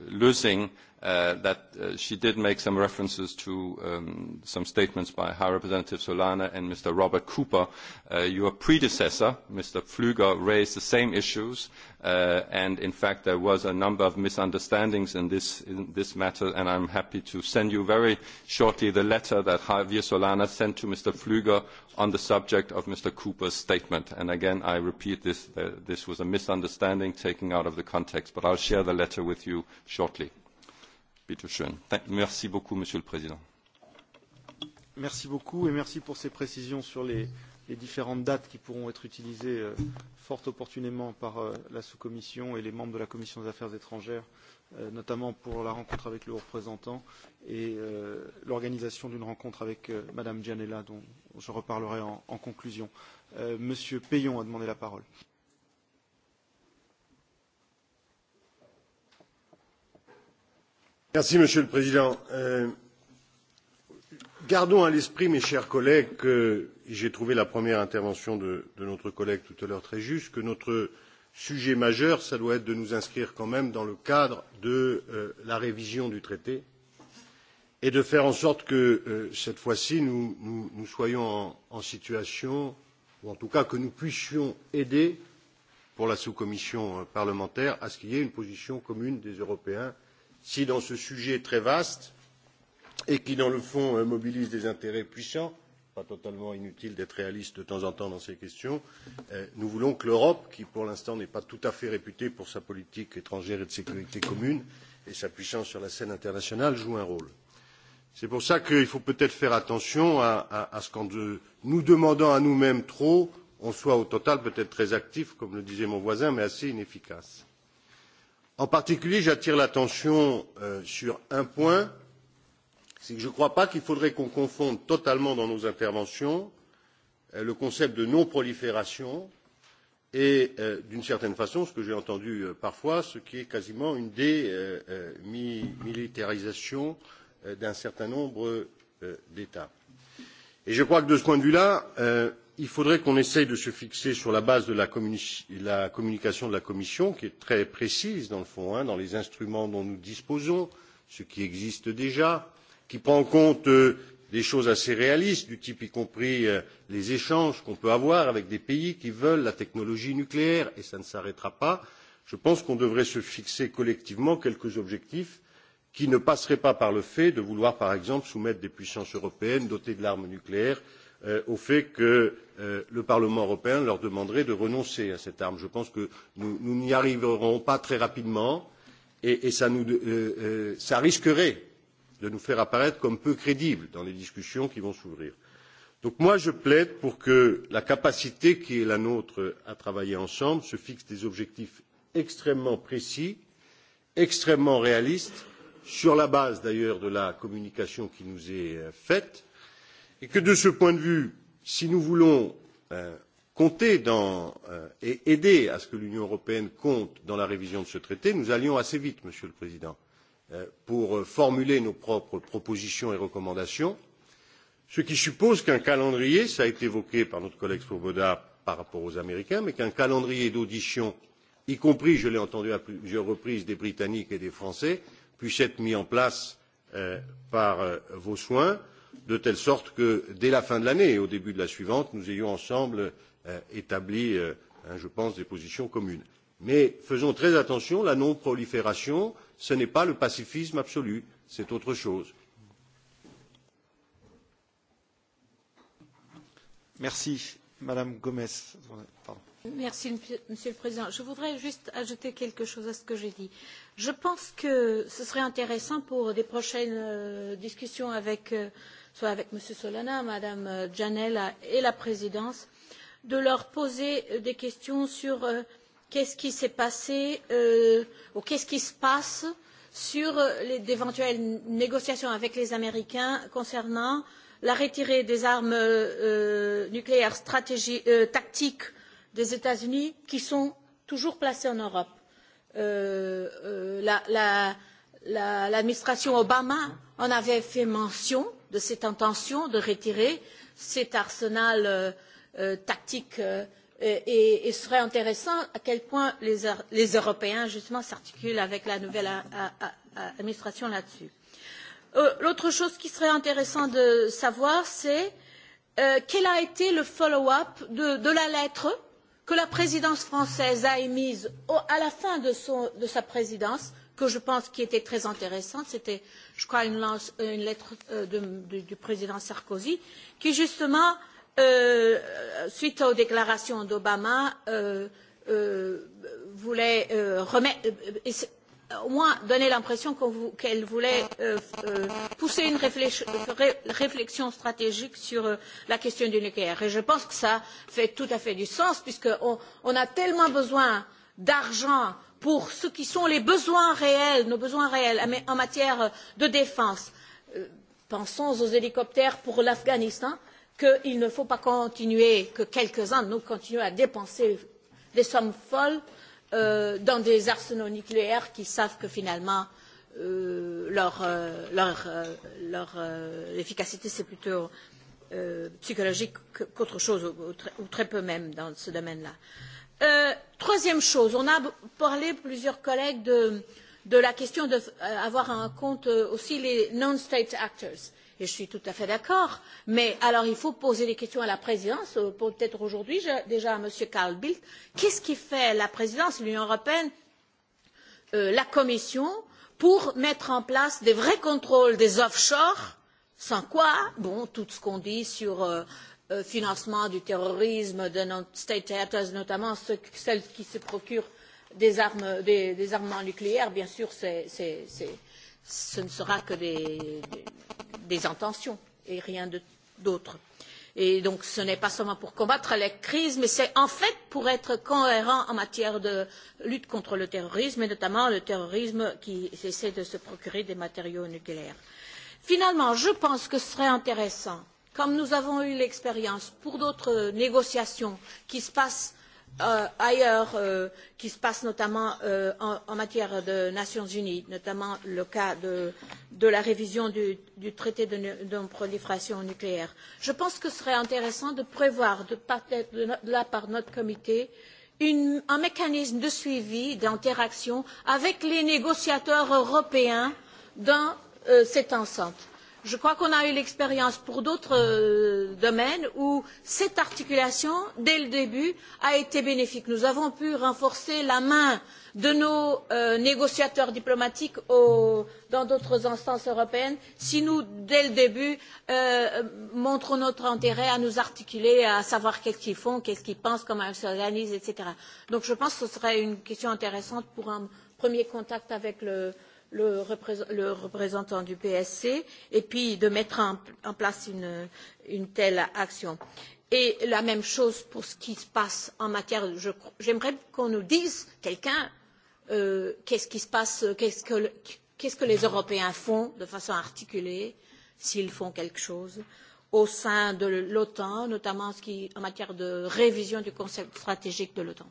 Lösing, uh, that uh, she did make some references to um, some statements by High Representative Solana and Mr. Robert Cooper. Uh, your predecessor, Mr. Pfluger, raised the same issues, uh, and in fact there was a number of misunderstandings in this, in this matter, and I'm happy to send you very shortly the letter that Javier Solana sent to Mr. Pfluger on the subject of Mr. Cooper's statement. And again, I repeat this, uh, this was a misunderstanding taken out of the context, but I'll share the letter with you shortly. Bitte schön. Merci beaucoup, Monsieur le Président. Merci beaucoup et merci pour ces précisions sur les, les différentes dates qui pourront être utilisées euh, fort opportunément par euh, la sous-commission et les membres de la commission des affaires étrangères, euh, notamment pour la rencontre avec le représentant et euh, l'organisation d'une rencontre avec euh, Madame Gianella, dont je reparlerai en, en conclusion. Euh, Monsieur Payon a demandé la parole. Euh, Merci, Monsieur le Président. Euh, gardons à l'esprit, mes chers collègues, que j'ai trouvé la première intervention de, de notre collègue tout à l'heure très juste, que notre sujet majeur, ça doit être de nous inscrire quand même dans le cadre de euh, la révision du traité et de faire en sorte que euh, cette fois-ci nous, nous, nous soyons en, en situation, ou en tout cas que nous puissions aider pour la sous-commission euh, parlementaire à ce qu'il y ait une position commune des Européens si dans ce sujet très vaste et qui dans le fond euh, mobilise des intérêts puissants pas totalement inutile d'être réaliste de temps en temps dans ces questions euh, nous voulons que l'europe qui pour l'instant n'est pas tout à fait réputée pour sa politique étrangère et de sécurité commune et sa puissance sur la scène internationale joue un rôle. c'est pour cela qu'il faut peut être faire attention à, à, à ce qu'en nous demandant à nous mêmes trop on soit au total peut être très actif comme le disait mon voisin mais assez inefficace en particulier j'attire l'attention euh, sur un point c'est que je ne crois pas qu'il faudrait qu'on confonde totalement dans nos interventions euh, le concept de non prolifération et euh, d'une certaine façon ce que j'ai entendu euh, parfois ce qui est quasiment une démilitarisation euh, euh, euh, d'un certain nombre euh, d'états. et je crois que de ce point de vue là il faudrait qu'on essaie de se fixer sur la base de la, communi la communication de la commission qui est très précise dans le fond hein, dans les instruments dont nous disposons ce qui existe déjà qui prend en compte euh, des choses assez réalistes du type y compris euh, les échanges qu'on peut avoir avec des pays qui veulent la technologie nucléaire et ça ne s'arrêtera pas je pense qu'on devrait se fixer collectivement quelques objectifs qui ne passeraient pas par le fait de vouloir par exemple soumettre des puissances européennes dotées de l'arme nucléaire à euh, au fait que euh, le Parlement européen leur demanderait de renoncer à cette arme. Je pense que nous n'y arriverons pas très rapidement et, et ça, nous, euh, euh, ça risquerait de nous faire apparaître comme peu crédibles dans les discussions qui vont s'ouvrir. Donc moi je plaide pour que la capacité qui est la nôtre à travailler ensemble se fixe des objectifs extrêmement précis, extrêmement réalistes, sur la base d'ailleurs de la communication qui nous est euh, faite, et que de ce point de vue si nous voulons euh, compter dans, euh, et aider à ce que l'union européenne compte dans la révision de ce traité nous allions assez vite monsieur le président euh, pour euh, formuler nos propres propositions et recommandations ce qui suppose qu'un calendrier cela a été évoqué par notre collègue swoboda par rapport aux américains mais qu'un calendrier d'audition y compris je l'ai entendu à plusieurs reprises des britanniques et des français puisse être mis en place euh, par euh, vos soins de telle sorte que dès la fin de l'année et au début de la suivante nous ayons ensemble euh, établi euh, hein, je pense des positions communes. mais faisons très attention la non prolifération ce n'est pas le pacifisme absolu c'est autre chose. Merci, Madame Gomez. Pardon. Merci, monsieur le président je voudrais juste ajouter quelque chose à ce que j'ai dit. je pense que ce serait intéressant pour de prochaines euh, discussions avec euh, soit avec M. Solana, Mme Janella euh, et la présidence, de leur poser euh, des questions sur euh, qu'est-ce qui s'est passé euh, ou qu'est-ce qui se passe sur euh, d'éventuelles négociations avec les Américains concernant la retirée des armes euh, nucléaires stratégiques euh, tactiques des États-Unis qui sont toujours placées en Europe. Euh, euh, L'administration la, la, la, Obama en avait fait mention de cette intention de retirer cet arsenal euh, euh, tactique euh, et il serait intéressant à quel point les, les Européens justement s'articulent avec la nouvelle a, a, a, administration là-dessus. Euh, L'autre chose qui serait intéressant de savoir, c'est euh, quel a été le follow-up de, de la lettre que la présidence française a émise au, à la fin de, son, de sa présidence que je pense qui était très intéressante, c'était, je crois, une, lance, euh, une lettre euh, de, de, du président Sarkozy, qui justement, euh, suite aux déclarations d'Obama, euh, euh, voulait euh, remettre, euh, au moins donner l'impression qu'elle qu voulait euh, euh, pousser une réflexion, ré, réflexion stratégique sur euh, la question du nucléaire. Et je pense que ça fait tout à fait du sens, puisqu'on on a tellement besoin d'argent pour ce qui sont les besoins réels, nos besoins réels en matière de défense. Euh, pensons aux hélicoptères pour l'Afghanistan, qu'il ne faut pas continuer, que quelques-uns de nous continuent à dépenser des sommes folles euh, dans des arsenaux nucléaires qui savent que finalement euh, leur, euh, leur, euh, leur euh, efficacité c'est plutôt euh, psychologique qu'autre chose, ou, ou, très, ou très peu même dans ce domaine-là. Euh, Euh, troisième chose, on a parlé plusieurs collègues de, de la question d'avoir euh, en compte euh, aussi les non-state actors. Et je suis tout à fait d'accord, mais alors il faut poser des questions à la présidence, euh, peut-être aujourd'hui déjà à M. Carl Bildt. Qu'est-ce qui fait la présidence, l'Union européenne, euh, la Commission, pour mettre en place des vrais contrôles des offshore, sans quoi, bon, tout ce qu'on dit sur euh, euh, financement du terrorisme de nos state theaters, notamment ceux, celles qui se procurent des, armes, des, des armements nucléaires, bien sûr, c'est, c'est, c'est, ce ne sera que des, des, des intentions et rien d'autre. Et donc ce n'est pas seulement pour combattre les crises, mais c'est en fait pour être cohérent en matière de lutte contre le terrorisme, et notamment le terrorisme qui essaie de se procurer des matériaux nucléaires. Finalement, je pense que ce serait intéressant euh, comme nous avons eu l'expérience pour d'autres négociations qui se passent euh, ailleurs, euh, qui se passent notamment euh, en, en matière de Nations Unies, notamment le cas de, de la révision du, du traité de, de prolifération nucléaire. Je pense que ce serait intéressant de prévoir de, de, de la part de notre comité une, un mécanisme de suivi, d'interaction avec les négociateurs européens dans euh, cette enceinte je crois qu'on a eu l'expérience pour d'autres euh, domaines où cette articulation dès le début a été bénéfique. nous avons pu renforcer la main de nos euh, négociateurs diplomatiques au, dans d'autres instances européennes si nous dès le début euh, montrons notre intérêt à nous articuler à savoir qu'est ce qu'ils font qu'est ce qu'ils pensent comment ils s'organisent etc. donc je pense que ce serait une question intéressante pour un premier contact avec le, euh, le, le représentant du PSC et puis de mettre en, en place une, une telle action. Et la même chose pour ce qui se passe en matière. J'aimerais qu'on nous dise, quelqu'un, euh, qu'est-ce qui se passe, qu'est-ce que, qu'est-ce que les Européens font de façon articulée, s'ils font quelque chose, au sein de l'OTAN, notamment en, ce qui, en matière de révision du concept stratégique de l'OTAN.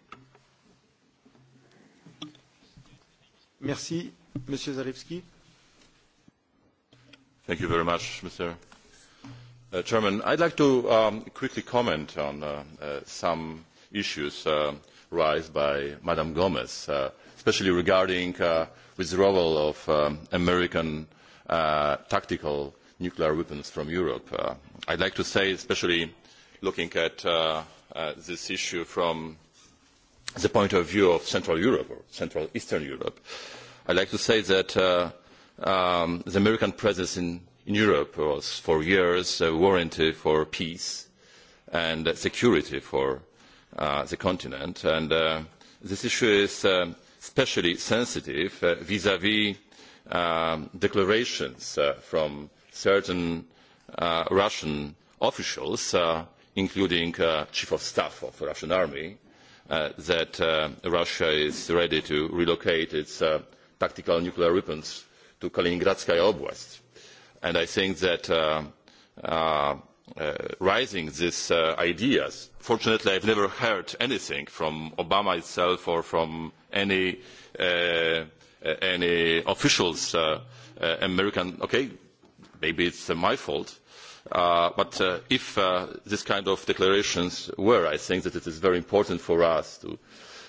Merci. Monsieur Zalewski. Thank you very much, Mr. Uh, Chairman. I'd like to um, quickly comment on uh, uh, some issues uh, raised by Madam Gomez, uh, especially regarding uh, withdrawal of um, American uh, tactical nuclear weapons from Europe. Uh, I'd like to say, especially looking at uh, uh, this issue from the point of view of Central Europe or Central Eastern Europe, uh, I'd like to say that uh, um, the American presence in, in Europe was for years a uh, warranty for peace and security for uh, the continent. And uh, this issue is um, especially sensitive uh, vis-à-vis uh, -vis, um, declarations uh, from certain uh, Russian officials, uh, including uh, chief of staff of the Russian army, uh, that uh, Russia is ready to relocate its uh, tactical nuclear weapons to Kaliningradskaya Oblast. And I think that uh, uh, uh, raising these uh, ideas, fortunately I've never heard anything from Obama itself or from any, uh, any officials, uh, uh, American, okay, maybe it's uh, my fault, Uh, but uh, if uh, this kind of declarations were, I think that it is very important for us to,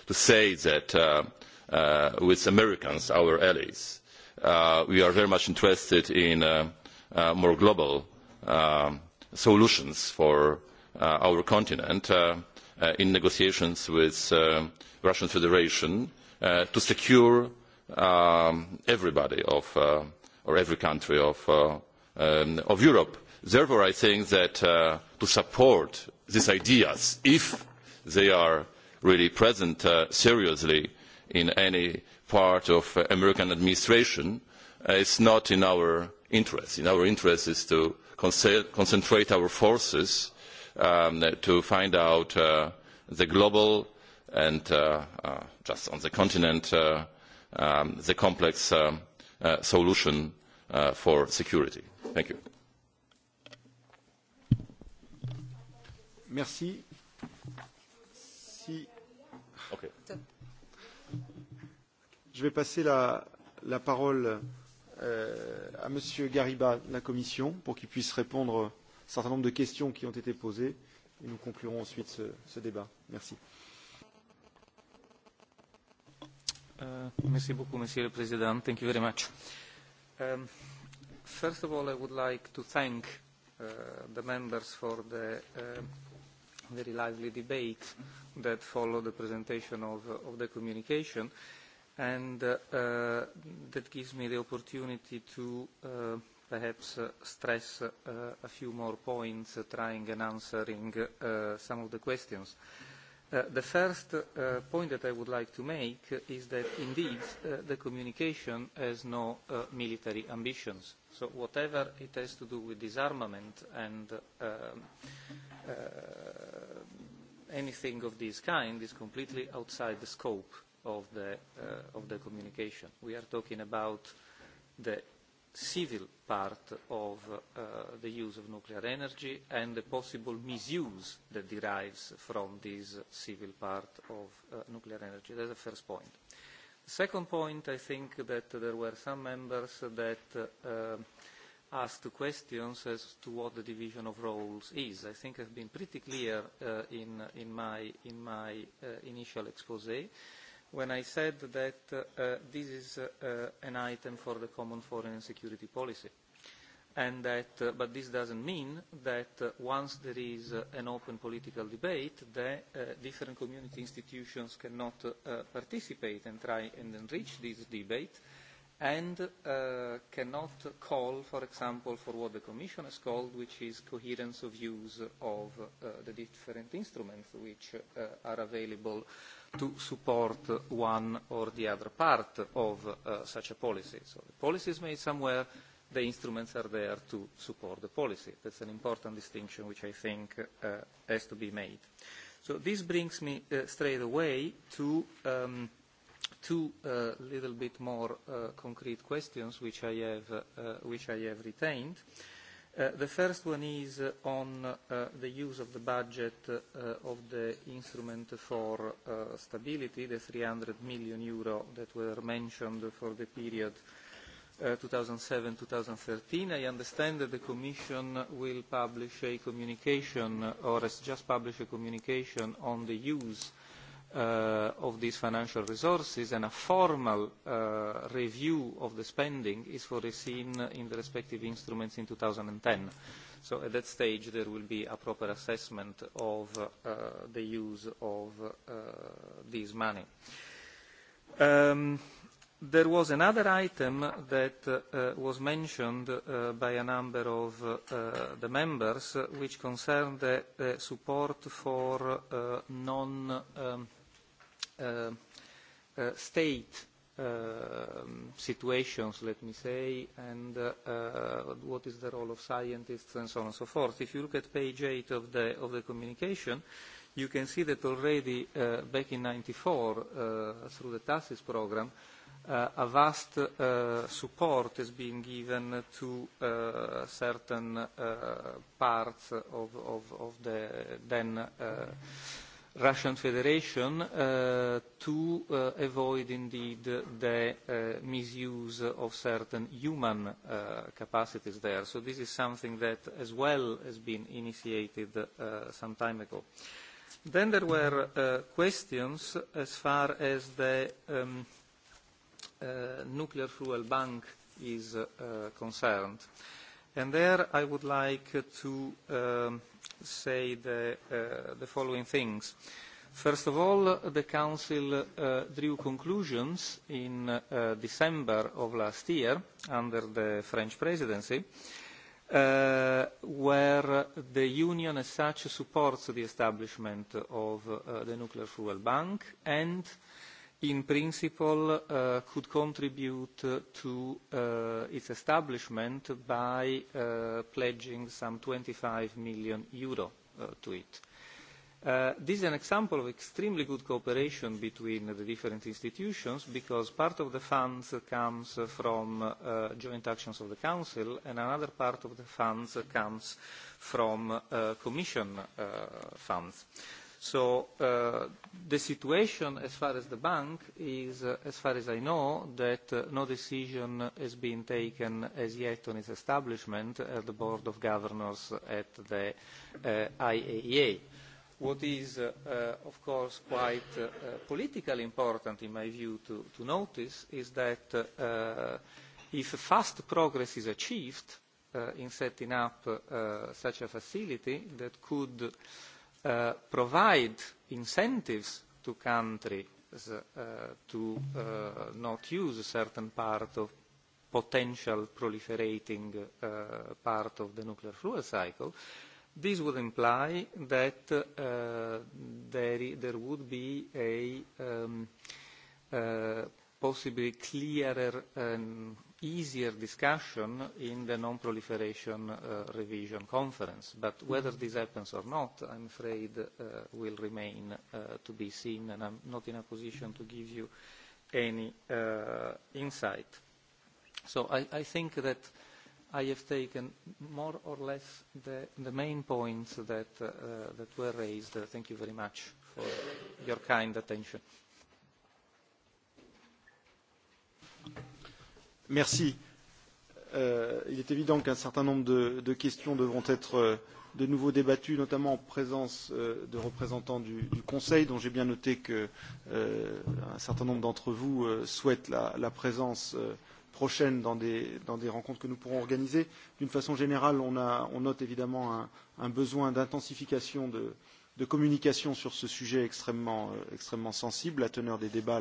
to say that uh, uh, with Americans, our allies. Uh, we are very much interested in uh, uh, more global um, solutions for uh, our continent uh, uh, in negotiations with uh, Russian Federation uh, to secure um, everybody of, uh, or every country of, uh, um, of Europe. Therefore, I think that uh, to support these ideas, if they are really present uh, seriously in any part of uh, American administration uh, is not in our interest. In our interest is to concentrate our forces um, to find out uh, the global and uh, uh, just on the continent uh, um, the complex um, uh, solution uh, for security. Thank you. Merci. Je vais passer la, la parole euh, à Monsieur Gariba de la Commission pour qu'il puisse répondre à un certain nombre de questions qui ont été posées et nous conclurons ensuite ce, ce débat. Merci. Uh, merci beaucoup, Monsieur le Président. Thank you very much. Um, first of all, I would like to thank uh, the members for the uh, very lively debate that followed the presentation of, of the communication. Uh, and uh, uh, that gives me the opportunity to uh, perhaps uh, stress uh, a few more points uh, trying and answering uh, some of the questions. Uh, the first uh, point that I would like to make is that indeed uh, the communication has no uh, military ambitions. So whatever it has to do with disarmament and uh, um, uh, anything of this kind is completely outside the scope uh, of the, uh, of the communication. We are talking about the civil part of uh, the use of nuclear energy and the possible misuse that derives from this civil part of uh, nuclear energy. That's the first point. The second point, I think that there were some members that uh, asked questions as to what the division of roles is. I think I've been pretty clear uh, in, in my, in my uh, initial expose. Uh, when I said that uh, this is uh, an item for the common foreign and security policy. And that, uh, but this doesn't mean that uh, once there is uh, an open political debate, the uh, different community institutions cannot uh, uh participate and try and enrich this debate and uh, cannot call, for example, for what the Commission has called, which is coherence of use of uh, the different instruments which uh, are available uh, to support one or the other part of uh, such a policy. So the policy is made somewhere, the instruments are there to support the policy. That's an important distinction which I think uh, has to be made. So this brings me uh, straight away to um, two uh, little bit more uh, concrete questions which I have, uh, which I have retained. Uh, Uh, the first one is uh, on uh, the use of the budget uh, of the instrument for uh, stability, the 300 million euro that were mentioned for the period 2007-2013. Uh, I understand that the Commission will publish a communication, or has just published a communication on the use uh, of these financial resources and a formal uh, review of the spending is foreseen in the respective instruments in 2010. So at that stage there will be a proper assessment of uh, the use of uh, this money. Um, there was another item that uh, was mentioned uh, by a number of uh, the members which concerned the, the support for uh, non um, uh, uh, state uh, situations, let me say, and uh, uh, what is the role of scientists and so on and so forth. If you look at page 8 of the, of the communication, you can see that already uh, back in 94, uh, through the TASIS program, uh, a vast uh, support is being given to uh, certain uh, parts of, of, of the then uh, Russian Federation uh, to uh, avoid indeed the uh, misuse of certain human uh, capacities there. So this is something that as well has been initiated uh, some time ago. Then there were uh, questions as far as the um, uh, nuclear fuel bank is uh, concerned. Uh, And there I would like to um, say the, uh, the following things. First of all, the Council uh, drew conclusions in uh, December of last year under the French presidency, uh, where the Union as such supports the establishment of uh, the Nuclear Fuel Bank and uh, in principle uh, could contribute to uh, its establishment by uh, pledging some 25 million euro uh, to it. Uh, this is an example of extremely good cooperation between the different institutions because part of the funds comes from uh, joint actions of the Council and another part of the funds comes from uh, Commission uh, funds. Uh, So uh, the situation as far as the bank is, uh, as far as I know, that uh, no decision has been taken as yet on its establishment at the Board of Governors at the uh, IAEA. E What is, uh, uh, of course, quite uh, uh, politically important, in my view, to, to notice is that uh, if fast progress is achieved uh, in setting up uh, such a facility that could uh, uh, provide incentives to countries uh, to uh, not use a certain part of potential proliferating uh, part of the nuclear fuel cycle, this would imply that uh, there, there would be a um, uh, possibly clearer um, easier discussion in the non-proliferation uh, revision conference. But whether mm-hmm. this happens or not, I'm afraid, uh, will remain uh, to be seen, and I'm not in a position to give you any uh, insight. So I, I think that I have taken more or less the, the main points that, uh, that were raised. Thank you very much for your kind attention. Merci. Euh, il est évident qu'un certain nombre de, de questions devront être euh, de nouveau débattues, notamment en présence euh, de représentants du, du Conseil, dont j'ai bien noté qu'un euh, certain nombre d'entre vous euh, souhaitent la, la présence euh, prochaine dans des, dans des rencontres que nous pourrons organiser. D'une façon générale, on, a, on note évidemment un, un besoin d'intensification de, euh, de communication sur ce sujet extrêmement, euh, extrêmement sensible. La teneur des débats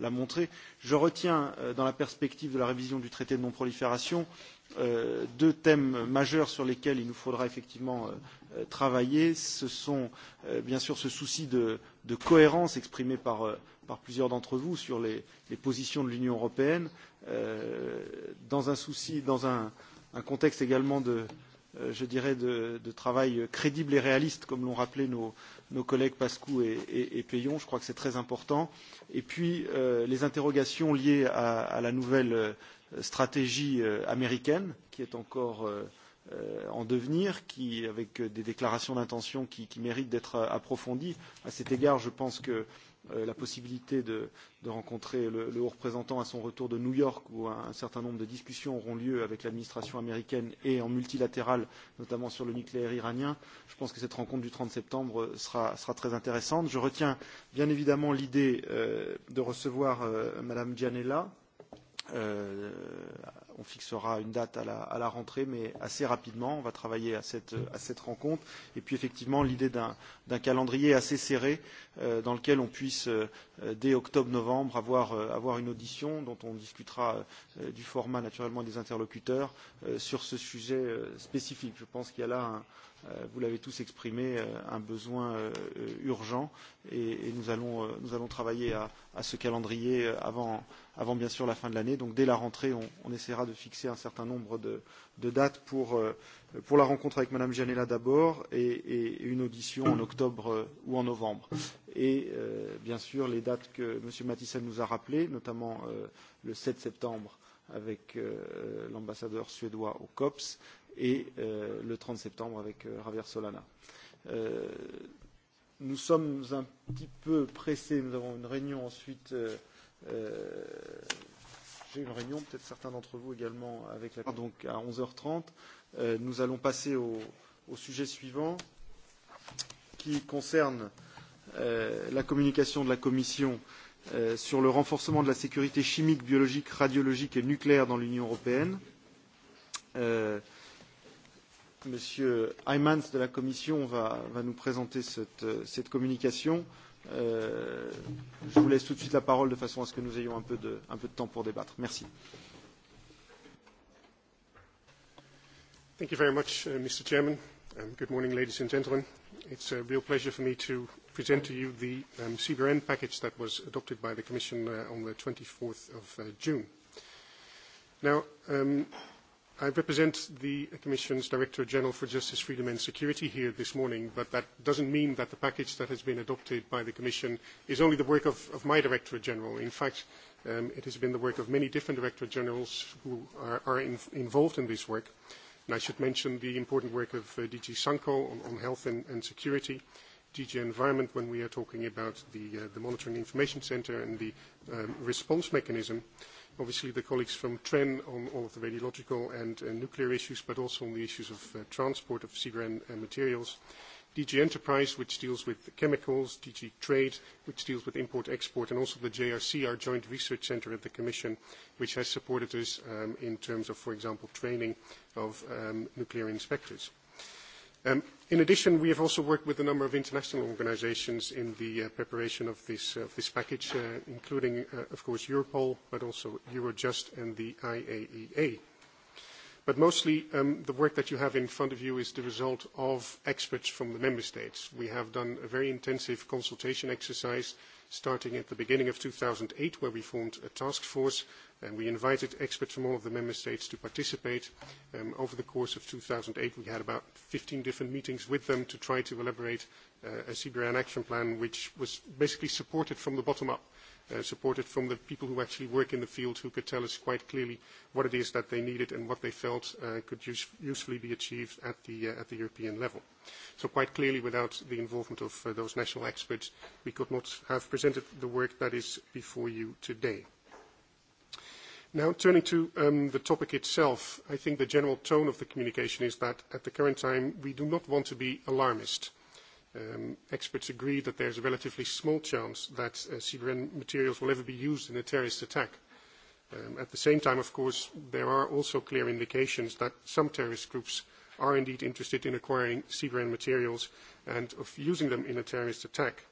l'a montré. Je retiens, euh, dans la perspective de la révision du traité de non-prolifération, euh, deux thèmes majeurs sur lesquels il nous faudra effectivement euh, euh, travailler. Ce sont euh, bien sûr ce souci de, de cohérence exprimé par, euh, par plusieurs d'entre vous sur les, les positions de l'Union européenne, euh, dans un souci, dans un, un contexte également de, euh, Euh, je dirais, de, de travail crédible et réaliste, comme l'ont rappelé nos, nos collègues Pascou et, et, et Payon. Je crois que c'est très important. Et puis, euh, les interrogations liées à, à la nouvelle euh, stratégie euh, américaine, qui est encore euh, en devenir, qui, avec des déclarations d'intention qui, qui méritent d'être approfondies. À cet égard, je pense que Euh, la possibilité de, de rencontrer le, le haut représentant à son retour de New York, où un, un certain nombre de discussions auront lieu avec l'administration américaine et en multilatéral, notamment sur le nucléaire iranien. Je pense que cette rencontre du 30 septembre sera, sera très intéressante. Je retiens bien évidemment l'idée euh, de recevoir euh, Madame Gianella, euh, on fixera une date à la, à la rentrée, mais assez rapidement. On va travailler à cette, à cette rencontre. Et puis effectivement, l'idée d'un calendrier assez serré euh, dans lequel on puisse, euh, dès octobre-novembre, avoir, euh, avoir une audition dont on discutera euh, du format naturellement des interlocuteurs euh, sur ce sujet euh, spécifique. Je pense qu'il y a là un Euh, vous l'avez tous exprimé, euh, un besoin euh, urgent et, et nous, allons, nous allons travailler à, à ce calendrier avant, avant bien sûr la fin de l'année. Donc dès la rentrée, on, on essaiera de fixer un certain nombre de, de dates pour, pour la rencontre avec Madame Gianella d'abord et, et une audition en octobre ou en novembre. Et euh, bien sûr les dates que M. Matissel nous a rappelées, notamment euh, le 7 septembre avec euh, l'ambassadeur suédois au COPS et euh, le 30 septembre avec euh, Javier Solana. Euh, nous sommes un petit peu pressés. Nous avons une réunion ensuite. Euh, euh, J'ai une réunion, peut-être certains d'entre vous également, avec la donc à 11h30. Euh, nous allons passer au, au sujet suivant qui concerne euh, la communication de la Commission euh, sur le renforcement de la sécurité chimique, biologique, radiologique et nucléaire dans l'Union européenne. Euh, Monsieur Heimans de la Commission va, va nous présenter cette, cette communication. Euh, je vous laisse tout de suite la parole de façon à ce que nous ayons un peu de, un peu de temps pour débattre. Merci. Thank you very much, uh, Mr. Chairman. Um, good morning, ladies and gentlemen. It's a real pleasure for me to present to you the um, CBRN package that was adopted by the Commission uh, on the 24th of uh, June. Now, um, I represent the Commission's Director General for Justice, Freedom and Security here this morning, but that doesn't mean that the package that has been adopted by the Commission is only the work of, of my Director General. In fact, um, it has been the work of many different Director Generals who are, are in, involved in this work. And I should mention the important work of uh, DG Sanko on, on health and, and security, DG Environment when we are talking about the, uh, the Monitoring Information Center and the um, response mechanism. Uh, obviously the colleagues from TREN on all of the radiological and, and uh, nuclear issues, but also on the issues of uh, transport of CBRN uh, materials. DG Enterprise, which deals with chemicals, DG Trade, which deals with import-export, and also the JRC, our joint research center at the Commission, which has supported us um, in terms of, for example, training of um, nuclear inspectors. Uh, Um, in addition, we have also worked with a number of international organizations in the uh, preparation of this, uh, of this package, uh, including, uh, of course, Europol, but also Eurojust and the IAEA. E but mostly, um, the work that you have in front of you is the result of experts from the member states. We have done a very intensive consultation exercise starting at the beginning of 2008, where we formed a task force And we invited experts from all of the member states to participate. Um, over the course of 2008, we had about 15 different meetings with them to try to elaborate uh, a CBRN action plan, which was basically supported from the bottom up, uh, supported from the people who actually work in the field, who could tell us quite clearly what it is that they needed and what they felt uh, could use, usefully be achieved at the, uh, at the European level. So quite clearly, without the involvement of uh, those national experts, we could not have presented the work that is before you today. Now, turning to um, the topic itself, I think the general tone of the communication is that at the current time, we do not want to be alarmist. Um, experts agree that there's a relatively small chance that uh, CBRN materials will ever be used in a terrorist attack. Um, at the same time, of course, there are also clear indications that some terrorist groups are indeed interested in acquiring CBRN materials and of using them in a terrorist attack.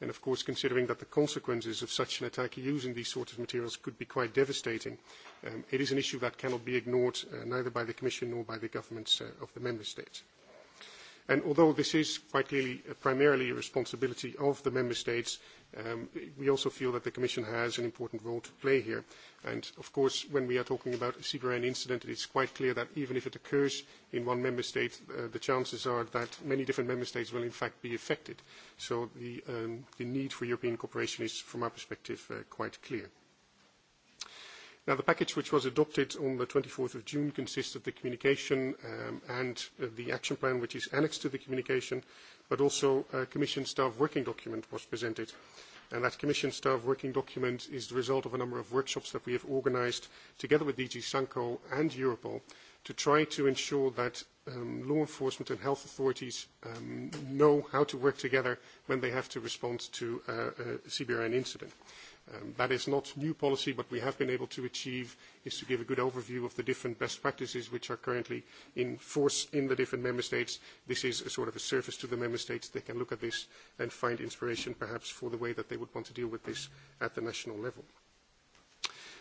And of course, considering that the consequences of such an attack using these sorts of materials could be quite devastating, um, it is an issue that cannot be ignored uh, neither by the Commission nor by the governments uh, of the Member States. And although this is quite clearly uh, primarily a responsibility of the member states, um, we also feel that the Commission has an important role to play here. And of course, when we are talking about a CBRN incident, it's quite clear that even if it occurs in one member state, uh, the chances are that many different member states will in fact be affected. So the, um, the need for European cooperation is, from our perspective, uh, quite clear. Now, the package which was adopted on the 24th of June consists of the communication um, and uh, the action plan which is annexed to the communication, but also a Commission staff working document was presented. And that Commission staff working document is the result of a number of workshops that we have organized together with DG Sanko and Europol to try to ensure that um, law enforcement and health authorities um, know how to work together when they have to respond to uh, a CBRN incident. Um, that is not new policy, but we have been able to achieve is to give a good overview of the different best practices which are currently in force in the different member states. This is a sort of a service to the member states. They can look at this and find inspiration perhaps for the way that they would want to deal with this at the national level.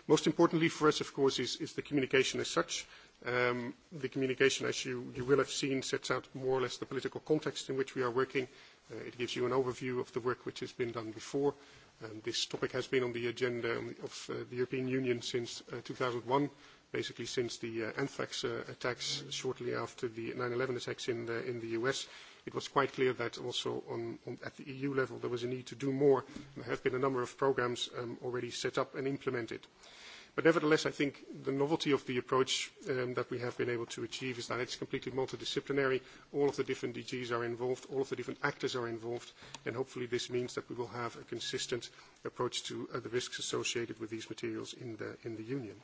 Most importantly for us, of course, is, is the communication as such. Um, the communication, as you, you will have seen, sets out more or less the political context in which we are working. Uh, it gives you an overview of the work which has been done before. Uh, Um, this topic has been on the agenda of uh, the European Union since uh, 2001, basically since the uh, anthrax uh, attacks shortly after the 9/11 attacks in the, in the US. It was quite clear that also on, on, at the EU level there was a need to do more. There have been a number of programs um, already set up and implemented. Uh, But nevertheless, I think the novelty of the approach um, that we have been able to achieve is that it's completely multidisciplinary. All of the different DGs are involved, all of the different actors are involved, and hopefully this means that we will have a consistent approach to uh, the risks associated with these materials in the, in the Union.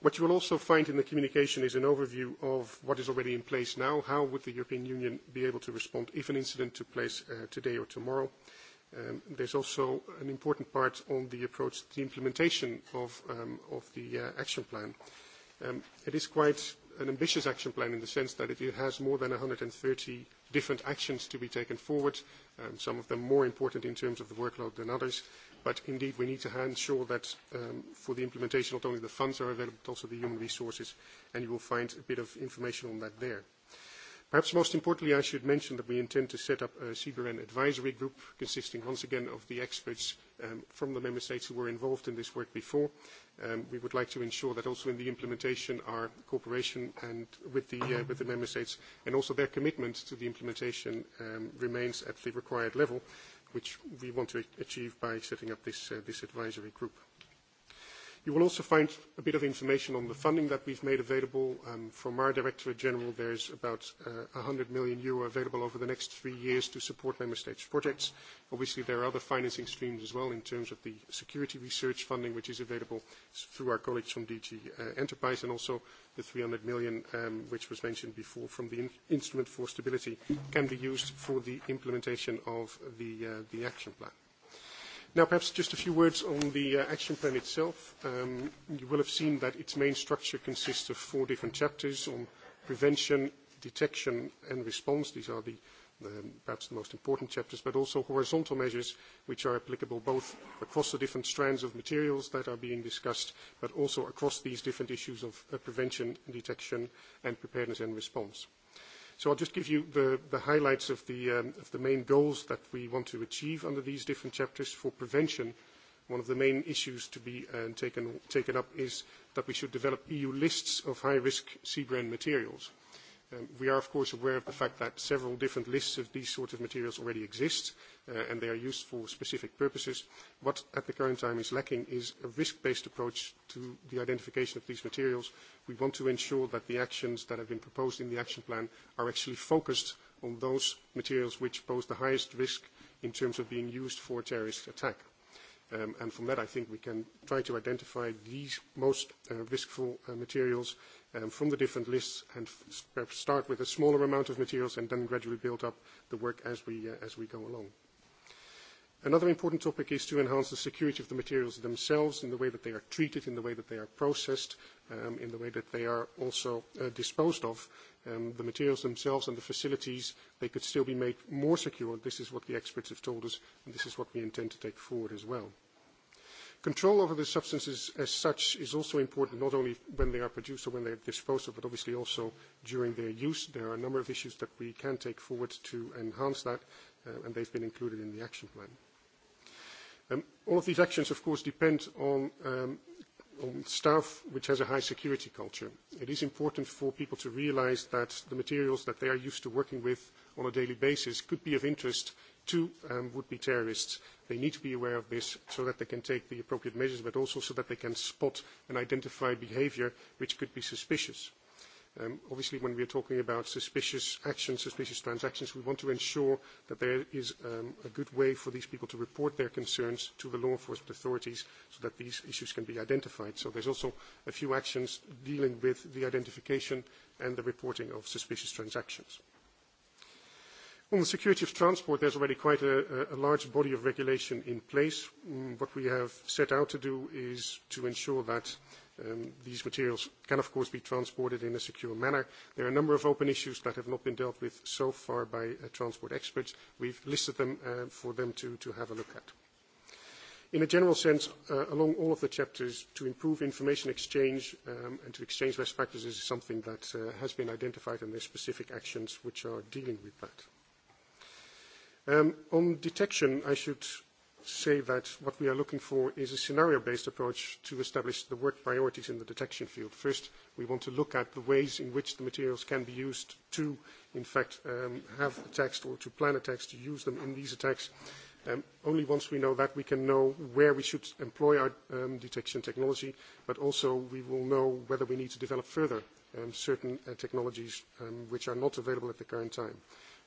What you will also find in the communication is an overview of what is already in place now. How would the European Union be able to respond if an incident took place uh, today or tomorrow? Uh, Um, there's also an important part on the approach to the implementation of, um, of the uh, action plan. Um, it is quite an ambitious action plan in the sense that it has more than 130 different actions to be taken forward, um, some of them more important in terms of the workload than others. But indeed, we need to ensure that um, for the implementation, not only the funds are available, but also the human resources, and you will find a bit of information on that there. Perhaps most importantly, I should mention that we intend to set up a CBRN advisory group consisting once again of the experts um, from the member states who were involved in this work before. Um, we would like to ensure that also in the implementation our cooperation and with the, uh, with the member states and also their commitment to the implementation um, remains at the required level, which we want to achieve by setting up this, uh, this advisory group. You will also find a bit of information on the funding that we've made available. Um, from our Directorate General, there's about uh, 100 million euro available over the next three years to support member states' projects. Obviously, there are other financing streams as well in terms of the security research funding, which is available through our colleagues from DG uh, Enterprise, and also the 300 million, um, which was mentioned before from the in Instrument for Stability, can be used for the implementation of the, uh, the action plan. Now, perhaps just a few words on the uh, action plan itself. Um, you will have seen that its main structure consists of four different chapters on prevention, detection, and response. These are the, the perhaps the most important chapters, but also horizontal measures, which are applicable both across the different strands of materials that are being discussed, but also across these different issues of uh, prevention, detection, and preparedness and response. So I'll just give you the, the highlights of the, um, of the main goals that we want to achieve under these different chapters. For prevention, one of the main issues to be um, taken, taken up is that we should develop EU lists of high-risk seabrand materials. Uh, Um, we are, of course, aware of the fact that several different lists of these sorts of materials already exist, uh, and they are used for specific purposes. What at the current time is lacking is a risk-based approach to the identification of these materials. We want to ensure that the actions that have been proposed in the action plan are actually focused on those materials which pose the highest risk in terms of being used for terrorist attack. Um, and from that, I think we can try to identify these most uh, riskful uh, materials um, from the different lists and f uh, start with a smaller amount of materials and then gradually build up the work as we, uh, as we go along. Another important topic is to enhance the security of the materials themselves in the way that they are treated, in the way that they are processed, um, in the way that they are also uh, disposed of. Um, the materials themselves and the facilities, they could still be made more secure. This is what the experts have told us, and this is what we intend to take forward as well. Control over the substances as such is also important, not only when they are produced or when they are disposed of, but obviously also during their use. There are a number of issues that we can take forward to enhance that, uh, and they've been included in the action plan. Um, all of these actions, of course, depend on, um, on staff which has a high security culture. It is important for people to realize that the materials that they are used to working with on a daily basis could be of interest two um, would-be terrorists. They need to be aware of this so that they can take the appropriate measures, but also so that they can spot and identify behavior which could be suspicious. Um, obviously, when we are talking about suspicious actions, suspicious transactions, we want to ensure that there is um, a good way for these people to report their concerns to the law enforcement authorities so that these issues can be identified. So there's also a few actions dealing with the identification and the reporting of suspicious transactions. Uh, On the security of transport, there's already quite a, a large body of regulation in place. Mm, what we have set out to do is to ensure that um, these materials can, of course, be transported in a secure manner. There are a number of open issues that have not been dealt with so far by uh, transport experts. We've listed them uh, for them to, to have a look at. In a general sense, uh, along all of the chapters, to improve information exchange um, and to exchange best practices is something that uh, has been identified, and there's specific actions which are dealing with that. Um, on detection, I should say that what we are looking for is a scenario-based approach to establish the work priorities in the detection field. First, we want to look at the ways in which the materials can be used to, in fact, um, have attacks or to plan attacks, to use them in these attacks. Um, only once we know that, we can know where we should employ our um, detection technology, but also we will know whether we need to develop further um, certain uh, technologies um, which are not available at the current time.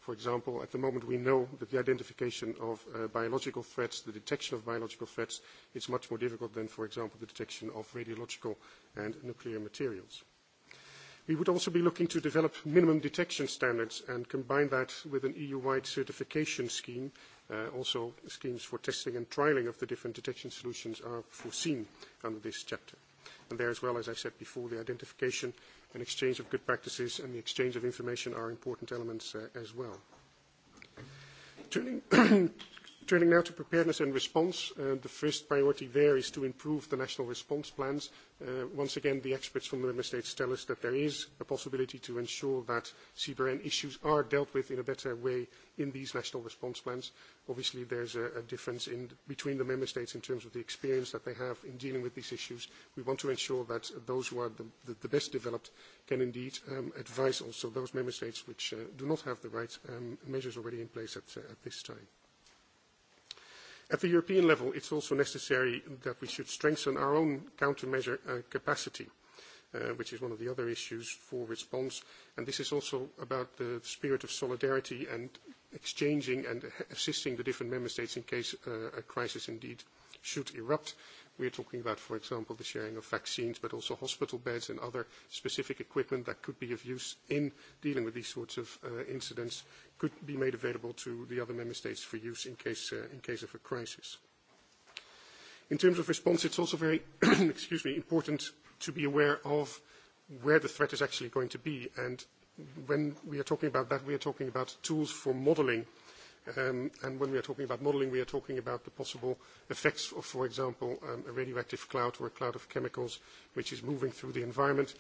For example, at the moment we know that the identification of uh, biological threats, the detection of biological threats, is much more difficult than, for example, the detection of radiological and nuclear materials. We would also be looking to develop minimum detection standards and combine that with an EU-wide certification scheme. Uh, also, schemes for testing and trialing of the different detection solutions are foreseen under this chapter. And there as well, as I said before, the identification and exchange of good practices and the exchange of information are important elements uh, as well. Turning Turning now to preparedness and response, uh, the first priority there is to improve the national response plans. Uh, once again, the experts from the member states tell us that there is a possibility to ensure that CBRN issues are dealt with in a better way in these national response plans. Obviously, there's a, a difference in, between the member states in terms of the experience that they have in dealing with these issues. We want to ensure that those who are the, the, the best developed can indeed um, advise also those member states which uh, do not have the right um, measures already in place at, uh, at this time. At the European level, it's also necessary that we should strengthen our own countermeasure uh, capacity, uh, which is one of the other issues for response. And this is also about the spirit of solidarity and exchanging and assisting the different member states in case uh, a crisis indeed should erupt. Uh, We are talking about, for example, the sharing of vaccines, but also hospital beds and other specific equipment that could be of use in dealing with these sorts of uh, incidents could be made available to the other member states for use in case, uh, in case of a crisis. In terms of response, it's also very excuse me, important to be aware of where the threat is actually going to be. And when we are talking about that, we are talking about tools for modeling uh, Um, and when we are talking about modelling, we are talking about the possible effects of, for example, um, a radioactive cloud or a cloud of chemicals which is moving through the environment.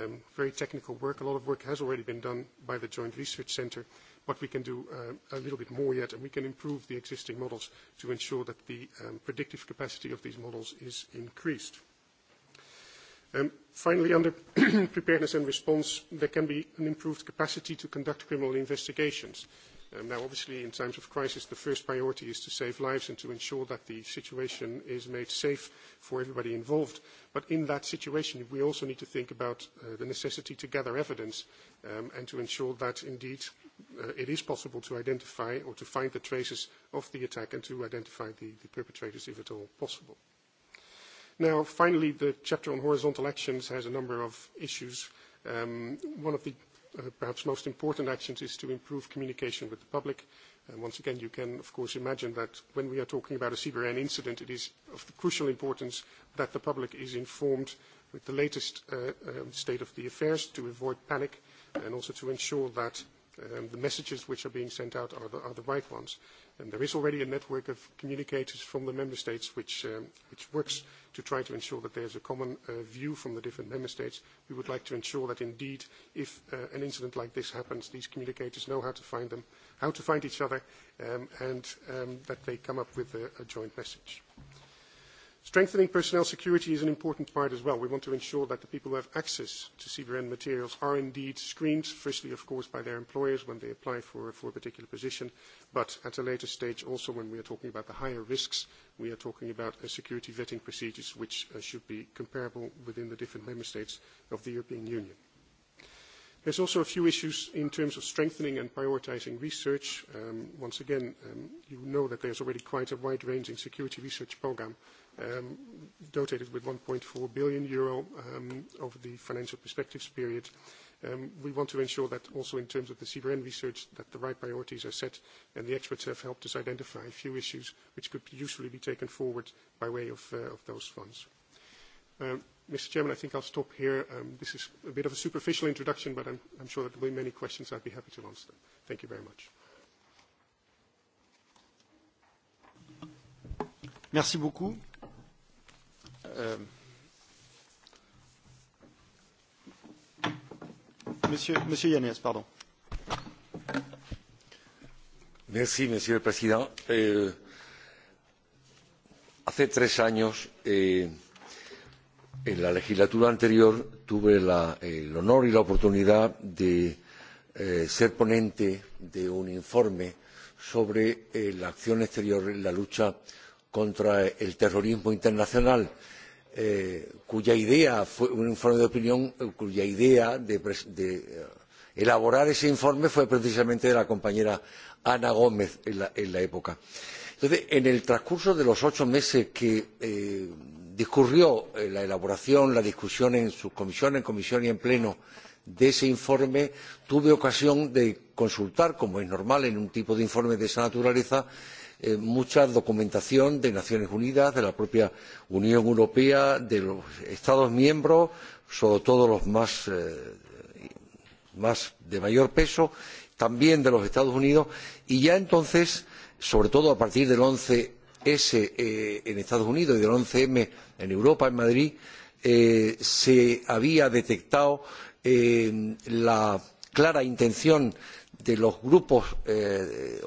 Um, very technical work. A lot of work has already been done by the Joint Research Centre, but we can do uh, a little bit more yet, and we can improve the existing models to ensure that the um, predictive capacity of these models is increased. Um, finally, under preparedness and response, there can be an improved capacity to conduct criminal investigations. Uh, Um, now, obviously, in times of crisis, the first priority is to save lives and to ensure that the situation is made safe for everybody involved. But in that situation, we also need to think about uh, the necessity to gather evidence um, and to ensure that, indeed, uh, it is possible to identify or to find the traces of the attack and to identify the, the perpetrators if at all possible. Now, finally, the chapter on horizontal actions has a number of issues. Um, one of the uh, perhaps most important actions is to improve communication with the public. And once again, you can, of course, imagine that when we are talking about a CBRN incident, it is of the crucial importance that the public is informed with the latest uh, um, state of the affairs to avoid panic and also to ensure that um, the messages which are being sent out are the, are the right ones. And there is already a network of communicators from the member states which, um, which works to try to ensure that there's a common uh, view from the different member states. We would like to ensure that indeed, if uh, an incident like this happens, these communicators know how to find them, how to find each other, um, and um, that they come up with a, a joint message. Uh, Strengthening personnel security is an important part as well. We want to ensure that the people who have access to CBRN materials are indeed screened, firstly, of course, by their employers when they apply for, for a particular position, but at a later stage, also when we are talking about the higher risks, we are talking about uh, security vetting procedures which uh, should be comparable within the different member states of the European Union. There's also a few issues in terms of strengthening and prioritizing research. Um, once again, um, you know that there's already quite a wide-ranging security research program um, dotated with 1.4 billion euro um, over the financial perspectives period. Um, we want to ensure that also in terms of the CBRN research, that the right priorities are set, and the experts have helped us identify a few issues which could usefully be taken forward by way of, uh, of those funds. Um, Mr. Chairman, I think I'll stop here. Um, this is a bit of a superficial introduction, but I'm, I'm sure there will be many questions. I'd be happy to answer them. Thank you very much. Merci beaucoup. Euh, monsieur, Monsieur Yannès, pardon. Merci, Monsieur le Président. Eh, hace tres años, eh, en la legislatura anterior, tuve la, el honor y la oportunidad de eh, ser ponente de un informe sobre eh, la acción exterior en la lucha contra el terrorismo internacional. Eh, eh, cuya idea fue un informe de opinión eh, cuya idea de, de eh, elaborar ese informe fue precisamente de la compañera Ana Gómez en la, en la época. Entonces, en el transcurso de los ocho meses que eh, discurrió eh, la elaboración, la discusión en subcomisión, en comisión y en pleno de ese informe, tuve ocasión de consultar, como es normal en un tipo de informe de esa naturaleza, eh, eh, mucha documentación de las naciones unidas de la propia unión europea de los estados miembros sobre todo los más, eh, más de mayor peso también de los estados unidos y ya entonces sobre todo a partir del once s eh, en los estados unidos y del once m en europa en madrid eh, se había detectado eh, la clara intención de los grupos eh,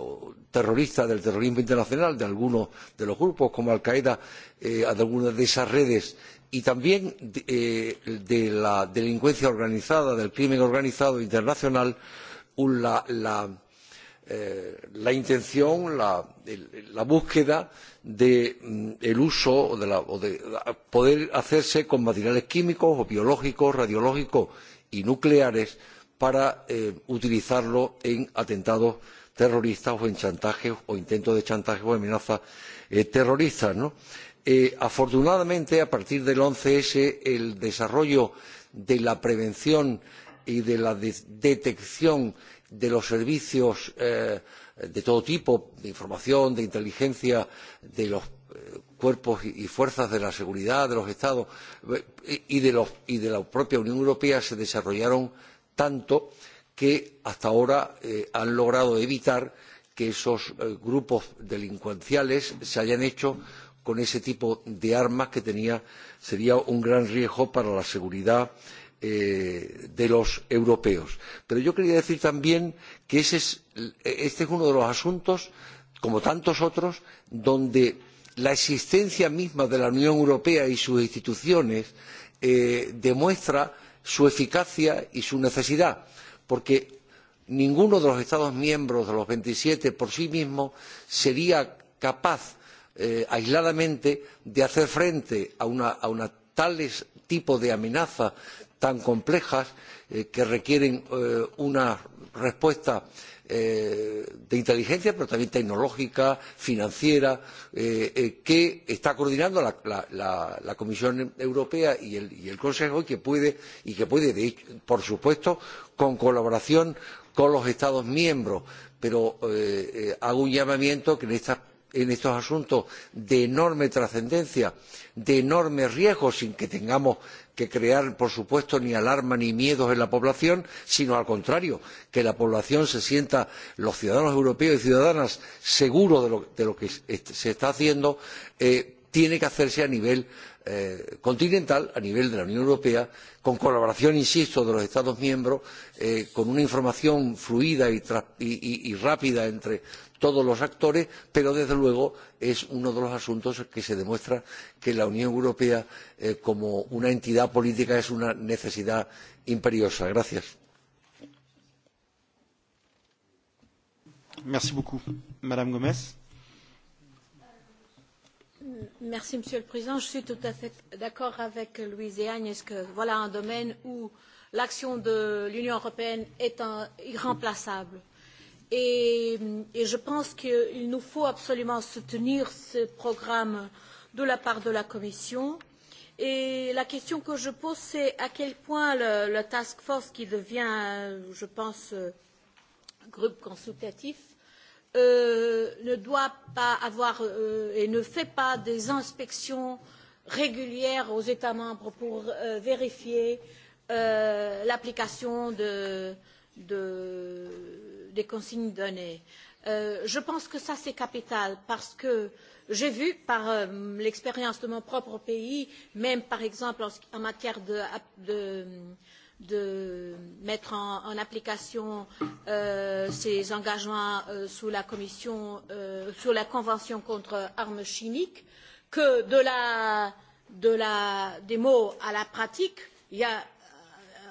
terroristas del terrorismo internacional de algunos de los grupos como al qaeda eh, de algunas de esas redes y también de, eh, de la delincuencia organizada del crimen organizado internacional la, la, eh, la intención la, el, la búsqueda del de, mm, uso de la, o de poder hacerse con materiales químicos o biológicos radiológicos y nucleares para eh, utilizarlo en atentados terroristas o en chantajes o intentos de chantaje o amenazas eh, terroristas. ¿no? Eh, afortunadamente, a partir del 11S, el desarrollo de la prevención y de la de detección de los servicios eh, de todo tipo, de información, de inteligencia, de los eh, cuerpos y fuerzas de la seguridad de los Estados eh, y de, los, y de la propia Unión Europea se desarrollaron tanto eh, que hasta ahora eh, han logrado evitar que esos eh, grupos delincuenciales se hayan hecho con ese tipo de armas que tenía, sería un gran riesgo para la seguridad eh, de los europeos. Pero yo quería decir también que ese es, este es uno de los asuntos, como tantos otros, donde la existencia misma de la Unión Europea y sus instituciones eh, demuestra su eficacia y su necesidad. Eh, porque ninguno de los Estados miembros de los 27 por sí mismo sería capaz eh, aisladamente de hacer frente a, una, a una tales tipos de amenazas tan complejas eh, que requieren eh, una respuesta eh, eh, de inteligencia, pero también tecnológica, financiera, eh, eh, que está coordinando la, la, la, la Comisión Europea y el, y el Consejo y que puede, y que puede de, por supuesto, con colaboración con los Estados miembros. Pero eh, eh, hago un llamamiento que en estas en estos asuntos de enorme trascendencia de enorme riesgo sin que tengamos que crear por supuesto ni alarma ni miedos en la población sino al contrario que la población se sienta los ciudadanos europeos y ciudadanas seguros de lo, de lo que se está haciendo eh, tiene que hacerse a nivel eh, continental a nivel de la unión europea con colaboración insisto de los estados miembros eh, con una información fluida y, y, y rápida entre todos los actores pero desde luego es uno de los asuntos en que se demuestra que la unión europea eh, como una entidad política es una necesidad imperiosa. gracias. Merci beaucoup. Madame Gomez. Merci, Monsieur le Président. Je suis tout à fait d'accord avec Louise et Agnès que voilà un domaine où l'action de l'Union européenne est un, irremplaçable. Euh, Et, et je pense qu'il nous faut absolument soutenir ce programme de la part de la Commission. Et la question que je pose, c'est à quel point le, le task force qui devient, je pense, euh, groupe consultatif, euh, ne doit pas avoir euh, et ne fait pas des inspections régulières aux États membres pour euh, vérifier euh, l'application de, de, des consignes données. Euh, je pense que ça c'est capital parce que j'ai vu par euh, l'expérience de mon propre pays, même par exemple en, en matière de, de, de mettre en, en application euh, ces engagements euh, sous la commission, euh, sur la convention contre armes chimiques, que de la, de la, des mots à la pratique, il y a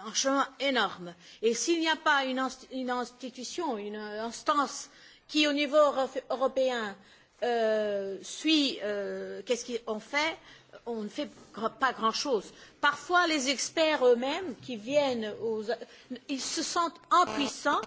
un chemin énorme. Et s'il n'y a pas une, inst une institution, une instance qui, au niveau européen, euh, suit euh, qu'est-ce qu'on fait, on ne fait pas grand-chose. Parfois, les experts eux-mêmes qui viennent, aux, ils se sentent impuissants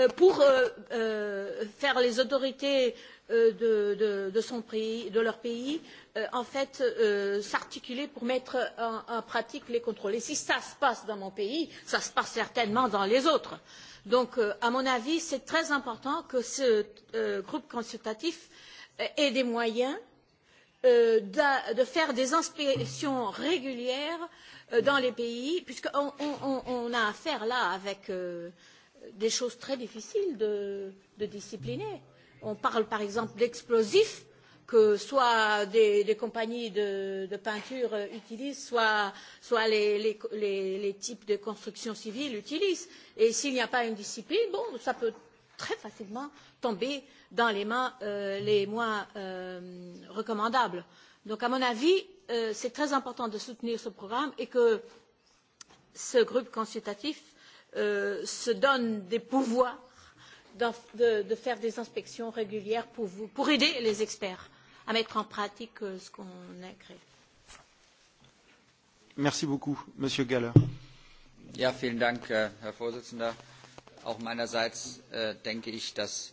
euh, pour euh, euh, faire les autorités Euh, de, de, de, son pays, de leur pays euh, en fait euh, s'articuler pour mettre en, en pratique les contrôles. Et si ça se passe dans mon pays, ça se passe certainement dans les autres. Donc, euh, à mon avis, c'est très important que ce euh, groupe consultatif euh, ait des moyens euh, de, de faire des inspections régulières euh, dans les pays, puisqu'on on, on a affaire là avec euh, des choses très difficiles de, de discipliner. Euh, on parle par exemple d'explosifs que soit des, des compagnies de, de peinture utilisent, soit, soit les, les, les, les types de construction civile utilisent. Et s'il n'y a pas une discipline, bon, ça peut très facilement tomber dans les mains euh, les moins euh, recommandables. Donc à mon avis, euh, c'est très important de soutenir ce programme et que ce groupe consultatif euh, se donne des pouvoirs de, de faire des inspections régulières pour, vous, pour aider les experts à mettre en pratique euh, ce qu'on a créé. Merci beaucoup, Monsieur Galler. Ja, vielen Dank, äh, Herr Vorsitzender. Auch meinerseits äh, denke ich, dass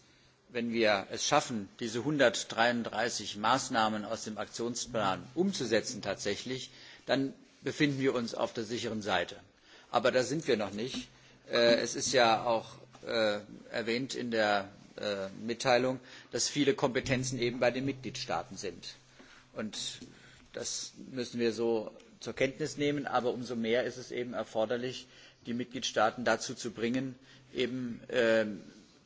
wenn wir es schaffen, diese 133 Maßnahmen aus dem Aktionsplan umzusetzen tatsächlich, dann befinden wir uns auf der sicheren Seite. Aber da sind wir noch nicht. Äh, es ist ja auch äh, erwähnt in der äh, Mitteilung, dass viele Kompetenzen eben bei den Mitgliedstaaten sind. Und das müssen wir so zur Kenntnis nehmen, aber umso mehr ist es eben erforderlich, die Mitgliedstaaten dazu zu bringen, eben äh,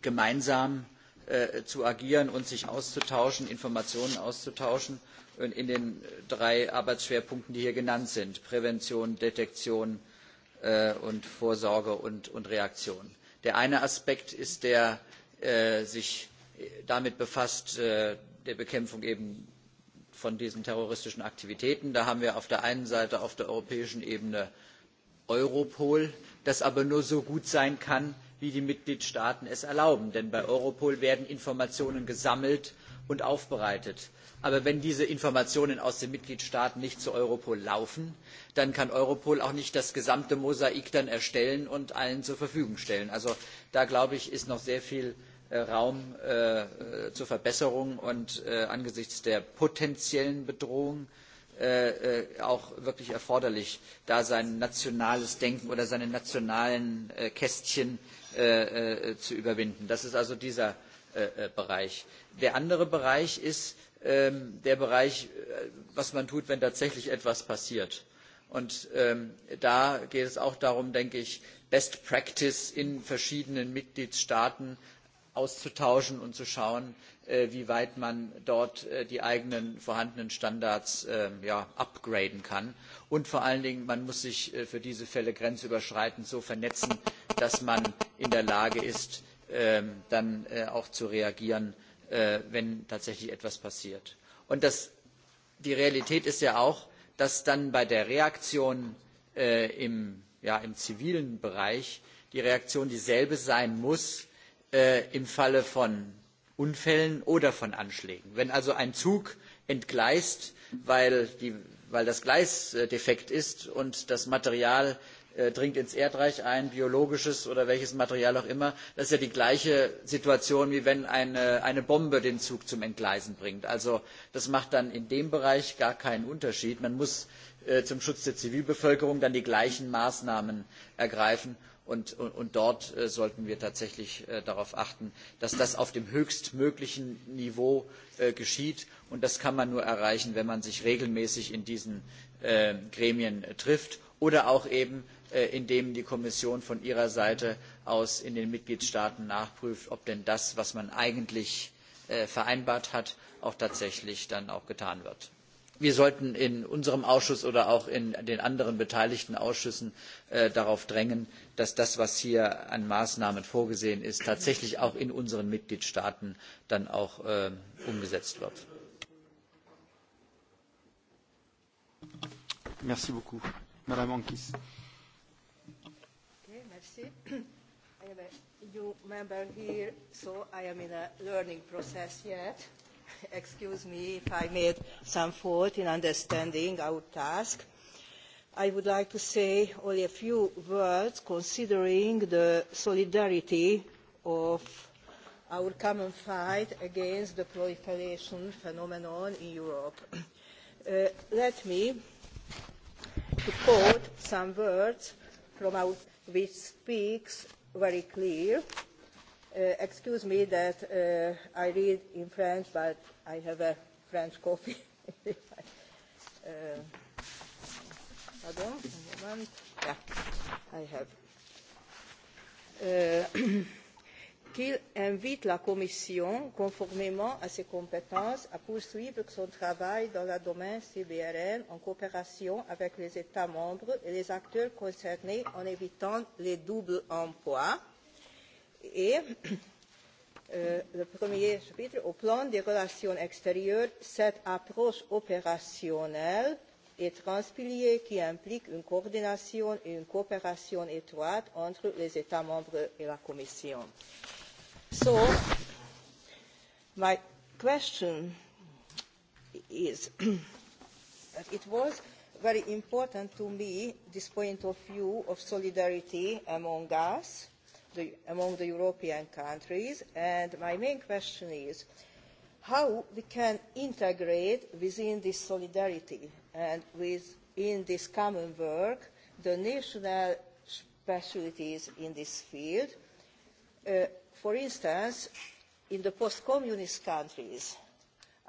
gemeinsam äh, zu agieren und sich auszutauschen, Informationen auszutauschen in den drei Arbeitsschwerpunkten, die hier genannt sind Prävention, Detektion äh, und Vorsorge und, und Reaktion der eine aspekt ist der äh, sich äh, damit befasst äh, der bekämpfung eben von diesen terroristischen aktivitäten. da haben wir auf der einen seite auf der europäischen ebene europol das aber nur so gut sein kann wie die mitgliedstaaten es erlauben denn bei europol werden informationen gesammelt und aufbereitet. aber wenn diese informationen aus den mitgliedstaaten nicht zu europol laufen dann kann europol auch nicht das gesamte mosaik erstellen und allen zur verfügung stellen. also da ist noch sehr viel äh, raum äh, zur verbesserung und äh, angesichts der potenziellen bedrohung auch wirklich erforderlich da sein nationales denken oder seine nationalen kästchen zu überwinden. das ist also dieser Äh, äh, bereich. der andere bereich ist ähm, der bereich äh, was man tut wenn tatsächlich etwas passiert. und ähm, da geht es auch darum denke ich best practice in verschiedenen mitgliedstaaten auszutauschen und zu schauen äh, wie weit man dort äh, die eigenen vorhandenen standards äh, ja, upgraden kann. und vor allen dingen man muss sich für diese fälle grenzüberschreitend so vernetzen dass man in der lage ist Ähm, dann äh, auch zu reagieren äh, wenn tatsächlich etwas passiert. und das, die realität ist ja auch dass dann bei der reaktion äh, im, ja, im zivilen bereich die reaktion dieselbe sein muss im falle von unfällen oder von anschlägen. wenn also ein zug entgleist weil, die, weil das gleis defekt ist und das material äh, dringt ins Erdreich ein, biologisches oder welches Material auch immer. Das ist ja die gleiche Situation, wie wenn eine, eine Bombe den Zug zum Entgleisen bringt. Also das macht dann in dem Bereich gar keinen Unterschied. Man muss äh, zum Schutz der Zivilbevölkerung dann die gleichen Maßnahmen ergreifen. Und, und, und dort äh, sollten wir tatsächlich äh, darauf achten, dass das auf dem höchstmöglichen Niveau äh, geschieht. Und das kann man nur erreichen, wenn man sich regelmäßig in diesen äh, Gremien äh, trifft oder auch eben Äh, indem die kommission von ihrer seite aus in den mitgliedstaaten nachprüft ob denn das was man eigentlich äh, vereinbart hat auch tatsächlich dann auch getan wird. wir sollten in unserem ausschuss oder auch in den anderen beteiligten ausschüssen äh, darauf drängen dass das was hier an maßnahmen vorgesehen ist tatsächlich auch in unseren mitgliedstaaten dann auch umgesetzt wird. Merci beaucoup. Madame Ankis. new member here, so I am in a learning process yet. Excuse me if I made some fault in understanding our task. I would like to say only a few words considering the solidarity of our common fight against the proliferation phenomenon in Europe. Uh, let me to quote some words from our, which speaks very clear. Uh, excuse me that uh, I read in French, but I have a French coffee. uh, pardon, a moment. Yeah, I have. Uh, qu'il invite la Commission, conformément à ses compétences, à poursuivre son travail dans le domaine CBRN en coopération avec les États membres et les acteurs concernés en évitant les doubles emplois. Et euh, le premier chapitre, au plan des relations extérieures, cette approche opérationnelle et transpilier qui implique une coordination et une coopération étroites entre les États membres et la Commission. So, my question is that it was very important to me, this point of view of solidarity among us, the, among the European countries, and my main question is how we can integrate within this solidarity and within this common work the national specialties in this field, uh, for instance in the post communist countries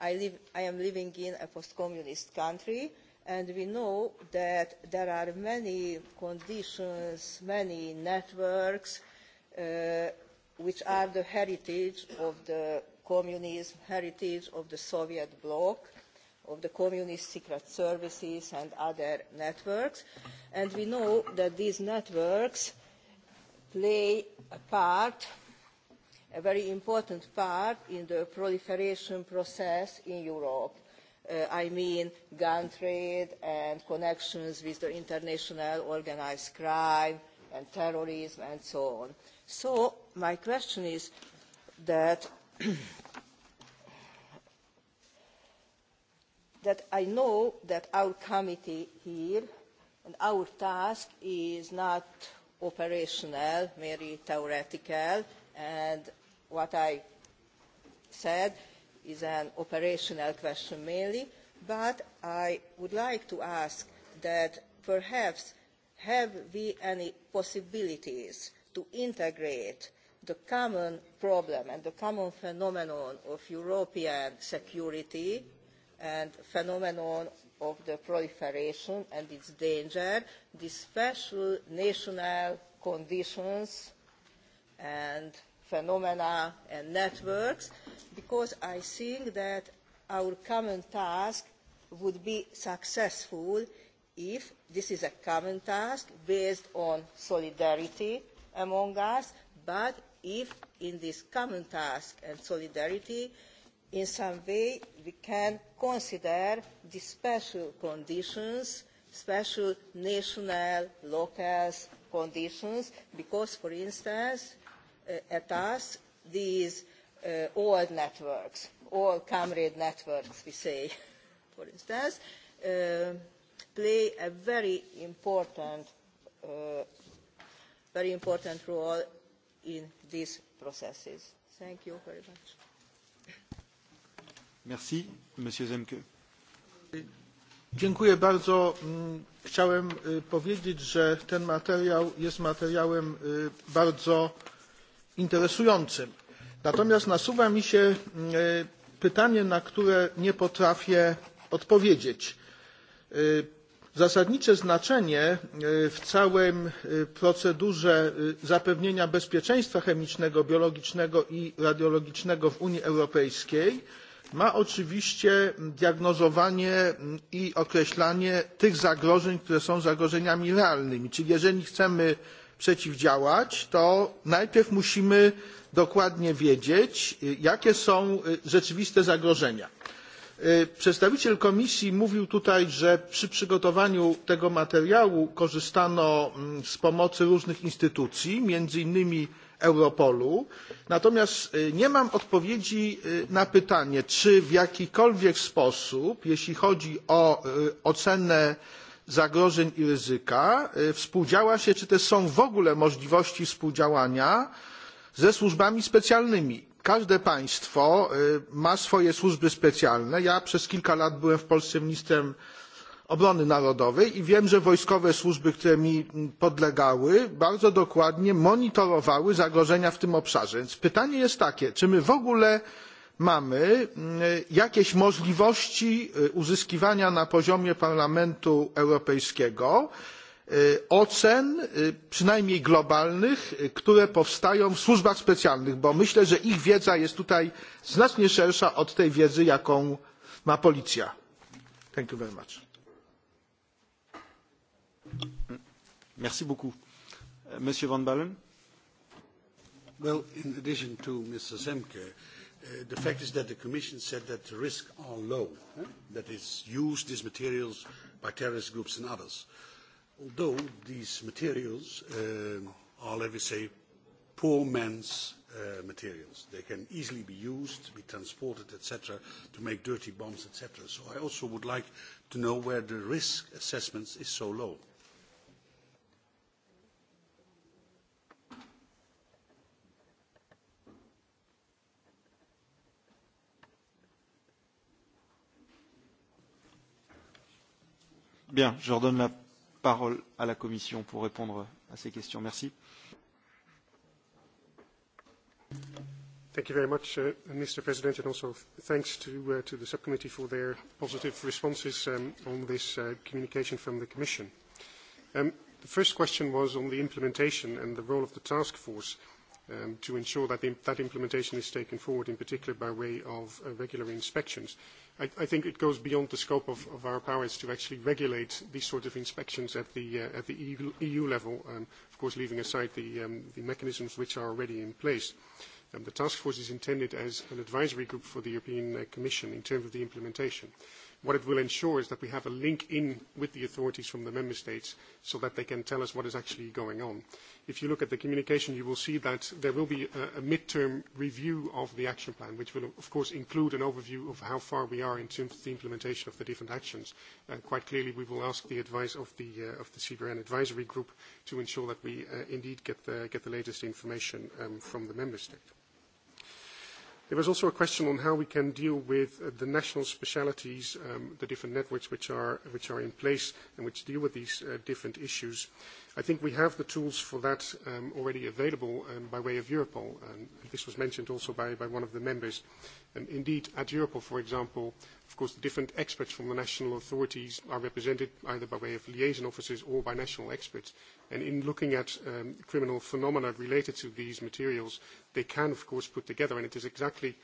I, live, i am living in a post communist country and we know that there are many conditions many networks uh, which are the heritage of the communism heritage of the soviet bloc of the communist secret services and other networks and we know that these networks play a part a very important part in the proliferation process in Europe. Uh, I mean gun trade and connections with the international organized crime and terrorism and so on. So my question is that that I know that our committee here and our task is not operational, merely theoretical, and what I said is an operational question mainly, but I would like to ask that perhaps have we any possibilities to integrate the common problem and the common phenomenon of European security and phenomenon of the proliferation and its danger, the special national conditions and phenomena and networks, because I think that our common task would be successful if this is a common task based on solidarity among us, but if in this common task and solidarity, in some way we can consider the special conditions, special national, local conditions, because, for instance, Eh, at us these uh, old networks, all comrade networks, we say, for instance, uh, play a very important, uh, very important role in these processes. Thank you very much. Merci, Monsieur Zemke. Dziękuję bardzo. Mm, chciałem powiedzieć, że ten materiał jest materiałem bardzo interesującym. Natomiast nasuwa mi się e, pytanie, na które nie potrafię odpowiedzieć. E, zasadnicze znaczenie e, w całym procedurze zapewnienia bezpieczeństwa chemicznego, biologicznego i radiologicznego w Unii Europejskiej ma oczywiście diagnozowanie mm, i określanie tych zagrożeń, które są zagrożeniami realnymi. Czyli jeżeli chcemy przeciwdziałać to najpierw musimy dokładnie wiedzieć jakie są rzeczywiste zagrożenia. przedstawiciel komisji mówił tutaj że przy przygotowaniu tego materiału korzystano mm, z pomocy różnych instytucji między innymi europolu natomiast nie mam odpowiedzi na pytanie czy w jakikolwiek sposób jeśli chodzi o ocenę zagrożeń i ryzyka współdziała się czy też są w ogóle możliwości współdziałania ze służbami specjalnymi. każde państwo ma swoje służby specjalne ja przez kilka lat byłem w polsce ministrem obrony narodowej i wiem że wojskowe służby które mi podlegały bardzo dokładnie monitorowały zagrożenia w tym obszarze. więc pytanie jest takie czy my w ogóle mamy jakieś możliwości uzyskiwania na poziomie parlamentu europejskiego ocen przynajmniej globalnych które powstają w służbach specjalnych bo myślę że ich wiedza jest tutaj znacznie szersza od tej wiedzy jaką ma policja. well in addition to mr zemke Uh, the fact is that the Commission said that the risks are low, eh? that it's used, these materials, by terrorist groups and others. Although these materials uh, are, let me say, poor man's uh, materials. They can easily be used, be transported, etc., to make dirty bombs, etc. So I also would like to know where the risk assessments is so low. Uh, Bien, je redonne la parole à la Commission pour répondre à ces questions. Merci. Thank you very much, uh, Mr. President, and also thanks to, uh, to the subcommittee for their positive responses um, on this uh, communication from the Commission. Um, the first question was on the implementation and the role of the task force um, to ensure that the, that implementation is taken forward, in particular by way of uh, regular inspections. Uh, I, I think it goes beyond the scope of, of our powers to actually regulate these sort of inspections at the, uh, at the EU, EU level, um, of course leaving aside the, um, the mechanisms which are already in place. Um, the task force is intended as an advisory group for the European uh, Commission in terms of the implementation. Uh, What it will ensure is that we have a link in with the authorities from the member states so that they can tell us what is actually going on. If you look at the communication, you will see that there will be a, a midterm review of the action plan, which will, of course, include an overview of how far we are in terms of the implementation of the different actions. Uh, quite clearly, we will ask the advice of the, uh, of the CBRN advisory group to ensure that we uh, indeed get the, get the latest information um, from the member state. There was also a question on how we can deal with uh, the national specialities, um, the different networks which are, which are in place and which deal with these uh, different issues. I think we have the tools for that um, already available um, by way of Europol. And this was mentioned also by, by one of the members. And indeed, at Europol, for example, of course, the different experts from the national authorities are represented either by way of liaison officers or by national experts. And in looking at um, criminal phenomena related to these materials, they can, of course, put together, and it is exactly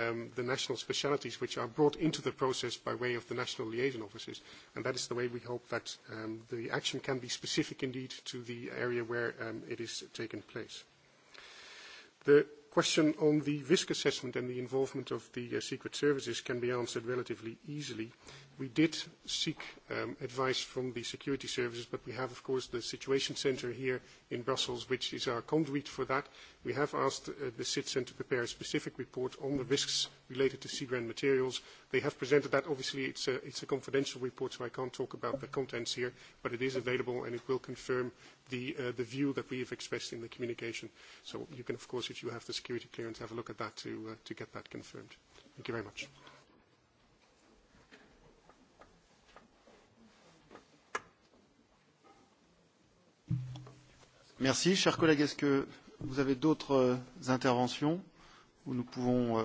um, the national specialities which are brought into the process by way of the national liaison offices. And that is the way we hope that um, the action can be specific indeed to the area where um, it is taking place. The question on the risk assessment and the involvement of the uh, Secret Services can be answered relatively easily We did seek um, advice from the security services, but we have, of course, the Situation Center here in Brussels, which is our conduit for that. We have asked uh, the CITSEN to prepare a specific report on the risks related to Seagrand materials. They have presented that. Obviously, it's a, it's a confidential report, so I can't talk about the contents here, but it is available, and it will confirm the, uh, the view that we have expressed in the communication. So you can, of course, if you have the security clearance, have a look at that to, uh, to get that confirmed. Thank you very much. Merci. Chers collègues, est-ce que vous avez d'autres euh, interventions où nous pouvons euh,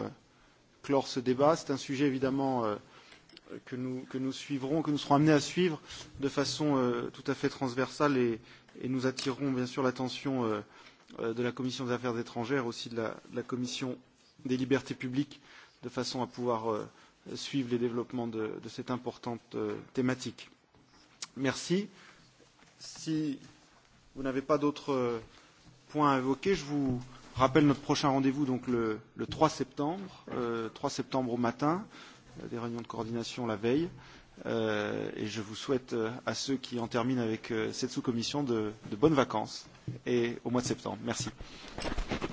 clore ce débat C'est un sujet évidemment euh, que, nous, que nous suivrons, que nous serons amenés à suivre de façon euh, tout à fait transversale et, et nous attirerons bien sûr l'attention euh, euh, de la Commission des affaires étrangères, aussi de la, de la Commission des libertés publiques, de façon à pouvoir euh, suivre les développements de, de cette importante euh, thématique. Merci. Si vous n'avez pas d'autres euh, points à évoquer, je vous rappelle notre prochain rendez-vous donc le, le 3 septembre, euh, 3 septembre au matin, euh, des réunions de coordination la veille. Euh, et je vous souhaite euh, à ceux qui en terminent avec euh, cette sous-commission de, de bonnes vacances et au mois de septembre. Merci.